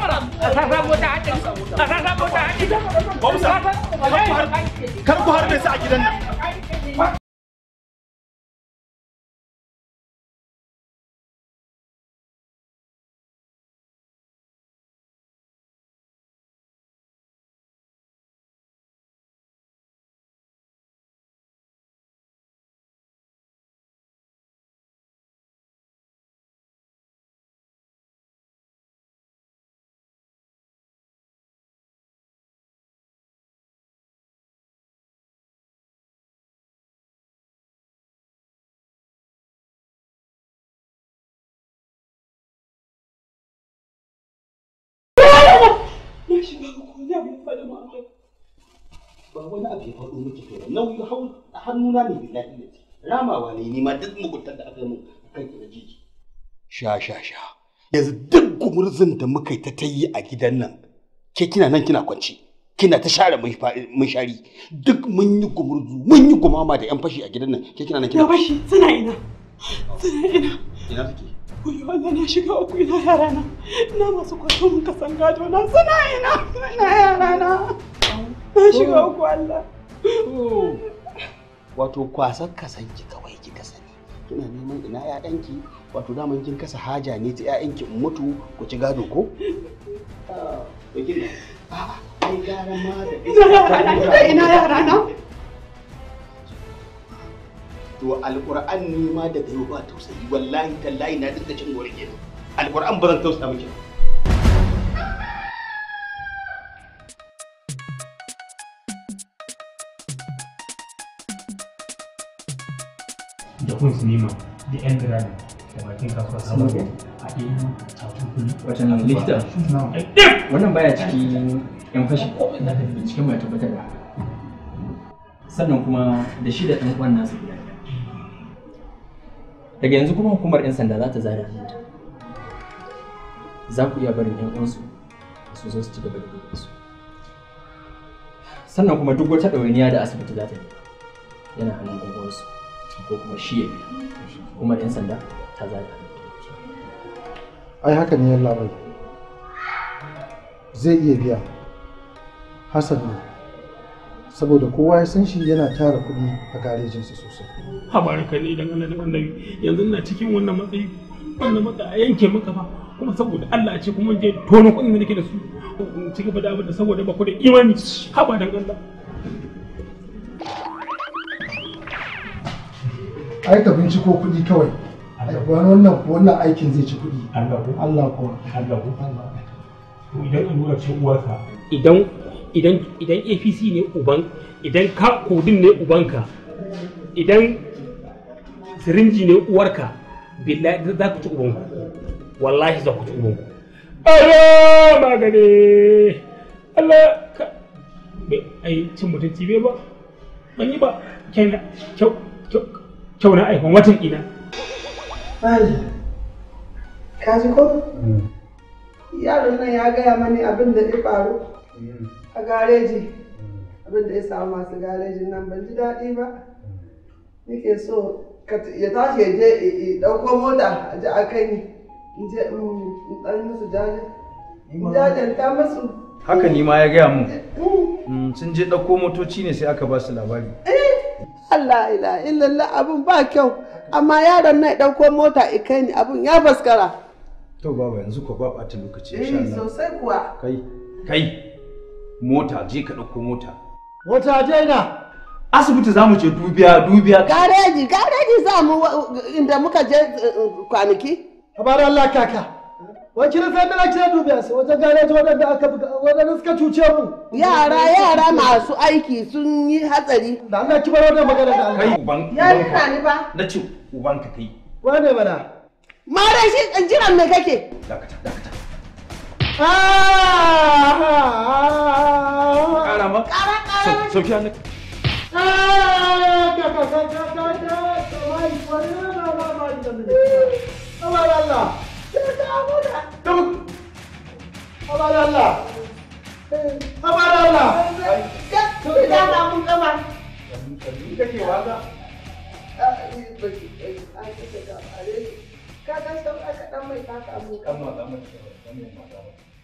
ta, kafa ta. Kar ku harbe su a gidan nan. shiga uku zai mu fada mu akai ba wani abu ya faɗo miki kai nauyi hannuna ne ramawa ne ni ma duk muguntar da aka yi mu akan ki da jiki sha sha sha yanzu duk gumurzun da muka yi ta ta yi a gidan nan ke kina nan kina kwanci kina ta share mun shari duk mun yi gumurzu mun yi gumama da yan fashi a gidan nan ke kina nan kina fashi suna ina suna ina ina suke Uyo Allah na shiga uku na yara na. Ina masu kwato mun kasan gado na suna ina na yara na. Na shiga uku Allah. Oh. Wato kwasar kasan ki kawai ki sani. Kina neman ina ƴaƴanki wato daman kin kasa haja ne ta ƴaƴanki in mutu ku ci gado ko? Ah. Ina yara na, ina yara na. to alquran ne ma da yau ba tausayi wallahi tallahi na dinka cin gore kenan alquran ba zan tausaya miki da kun sinima da yan birane da bakin kasuwar sama a ɗaya tatukuli wacce nan lifta wannan baya cikin yan fashi na cikin mai da sannan kuma da shi da ɗan uwan nasu biyar daga yanzu kuma hukumar 'yan sanda za ta zara hanta za ku iya barin 'yan uwansu su zo su ci gaba da duba su sannan kuma duk wata ɗawainiya da asibiti za ta yi yana hannun ɗan uwansu ko kuma shi ya biya hukumar 'yan sanda ta zara hanta ai haka ne yalla bai zai iya biya hasan ne saboda kowa ya san shi yana tara kuɗi a sa sosai habarka ne idan Allah da yanzu ina cikin wannan matsayi wannan matsayi a yanke maka ba kuma saboda Allah ce kuma je tono kuɗin da nake da su in ci gaba da abin da saboda ba ku da imani ba dan Allah ai ka binciko kuɗi kawai wannan wannan aikin zai ci kuɗi Allah ko Allah ko Allah ko idan allura ce uwarsa idan idan apc ne uban idan ka kodin ne ubanka idan sirinji ne uwarka billahi za ku ci ubanku wallahi za ku ci ubanku Allah magani Allah ka bai ai cin mutunci bai ba ban yi ba kyauna kyauna aifan watan ina ka ji ko hmm. yaron nan ya gaya mani abin da ya faru hmm. a gareji abinda ya samu masu garejin nan ban ji daɗi ba nike so ya tashi ya je ɗauko mota a ji a kai ni in je in ɗan musu jajen jajanta musu haka ni ma ya gaya mu. Mm. Mm, sun je ɗauko motoci ne sai aka ba su labari eh! Allah ila illallah abun ba kyau amma yaron na ɗauko mota kai ni abun ya faskara to baba yanzu ko ba ɓata lokaci ya sha eh, Allah sosai kuwa kai kai mota je ka ɗauko mota wata na. asibiti za mu je dubiya dubiya gareji gareji za mu inda muka je eh, eh, kwanaki kabar Allah kaka wai kina san da kike dubiya sai wata gareji wadanda aka wadanda suka cuce mu yara yara masu aiki sun yi hatsari da Allah ki bar wannan magana da Allah kai uban ya rika ni ba nace uban ka kai wane bana. mare shi jiran me kake dakata dakata Ƙara ma? Ƙara ƙara. Sauki hannu. Kaga sau aka ɗan mai taka abu. Ɗan mata mace,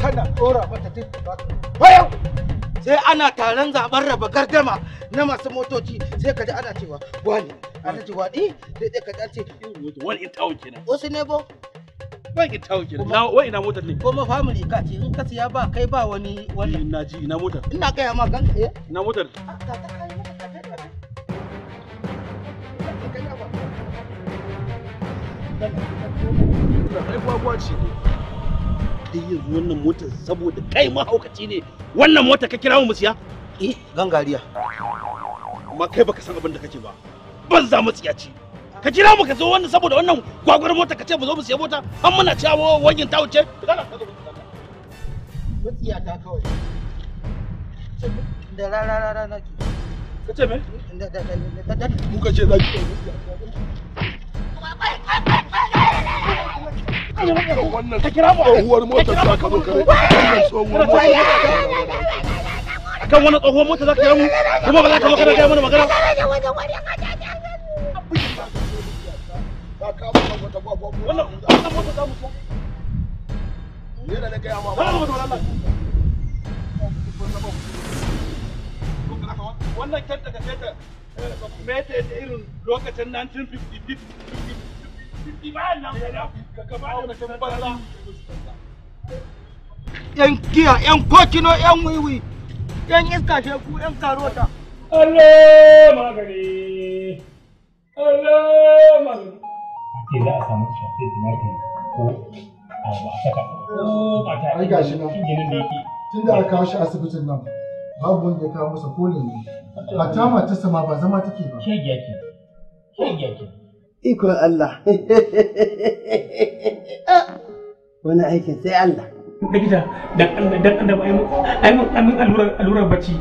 kana ɗora mata bayan sai ana taron zaben raba gardama na masu motoci sai ka ji ana cewa wani ana cewa ɗi sai dai ka ce wani in wuce na wasu ne bo wani in tawo kenan na wani ina motar ne kuma family ka ce in ka siya ba kai ba wani wani ina ji ina motar ina gaya ma kan eh ina motar dai yanzu wannan mota saboda kai mahaukaci ne wannan mota ka kira mu siya eh gangariya amma kai baka san abin da kake ba ban za mu ci ka kira mu ka zo wannan saboda wannan gwagwar mota ka ce mu zo mu siya mota an muna cewa wajen ta wuce ta kawai da rarara na ki ka ce me? da da da da da da da da da da da da wannan tsohuwar motar ta ka zo kare wannan tsohuwar motar kan wannan tsohuwar motar za ka yamu kuma ba za ka zo kana gaya mana magana wannan motar za mu so ne da na gaya ma ba wannan kyan daga sai ta mete irin lokacin 1950 yan giya yan kokino yan wiwi yan iska sheku yan karota Allah magani Allah magani ke za a samu shafe tumatir ko a ba saka ba ta ai gashi nan injinin da yake tun da aka shi asibitin nan babu wanda ya kawo masa kolin ne hatta matarsa ma ba zama take ba shegiya ke shegiya ke ikon Allah ah, wani aikin sai Allah likita dan Allah dan Allah ai mun ai mun allurar allurar bacci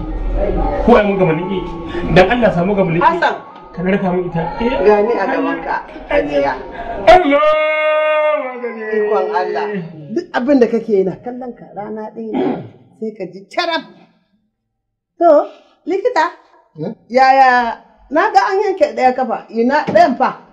ko ai mun gabanin dan dan Allah samu gamanin ki Hassan ka narka mun ita eh, gani a gaban ka ajiya Allah ikon Allah duk abin da kake yi na kallon ka rana ɗaya sai ka ji carab to likita hmm? yaya na ga an yanke ɗaya kafa ina ɗayan fa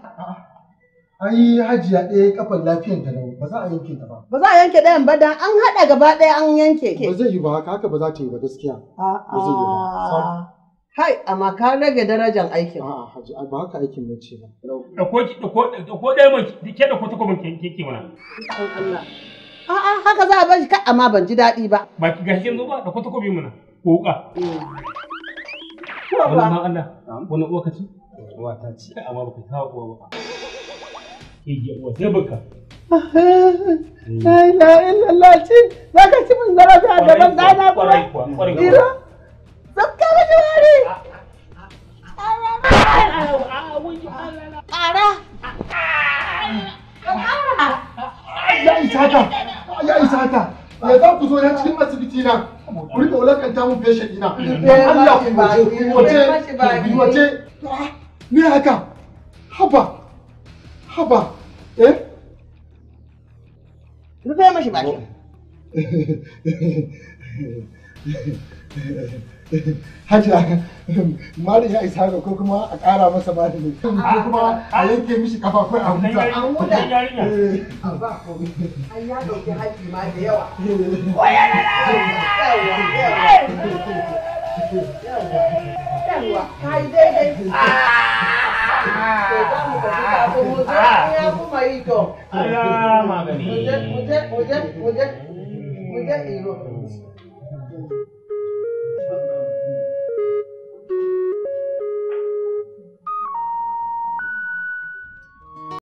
Ai hajiya ɗaya kafar lafiyan ta nau ba za a yanke ta ba. Ba za a yanke ɗayan ba dan an haɗa gaba ɗaya an yanke. Ba zai yi ba haka haka ba za ta yi ba gaskiya. Ba zai yi ba. Hai amma ka rage darajar aikin. A'a haji ba haka aikin ne ce ba. Da ko ɗaya mai ke dauko ta kuma ke mana. Allah. A'a haka za a bar ka, amma ban ji daɗi ba. Ba ki gashi yanzu ba dauko ta kuma mana. Ko ka. Wannan ma Allah wannan uwa Wata ci? Uwa ta ci amma ba ka kawo ba. La ilaha illallah ce ka ci zarafi a gaban kuma. Ya isa ta. Ya isa ta. Ya za ku zo na cikin asibiti na. Ku riƙa wulakanta mun feshe ɗina. Allah ku wace. Wace. Ni haka. Haba. Haba. rufe eh? mashi baki Hajiya, mari ya isa ko kuma a ƙara masa malami ko kuma a yanke mishi kafafun a huta. An huta yarinya. Eh. Ba komai. An ya dauki haji ma da yawa. Koyana da yawa. Yawa. Yawa. Kai daidai. Ah! Mujhe mujhe mujhe mujhe mujhe hero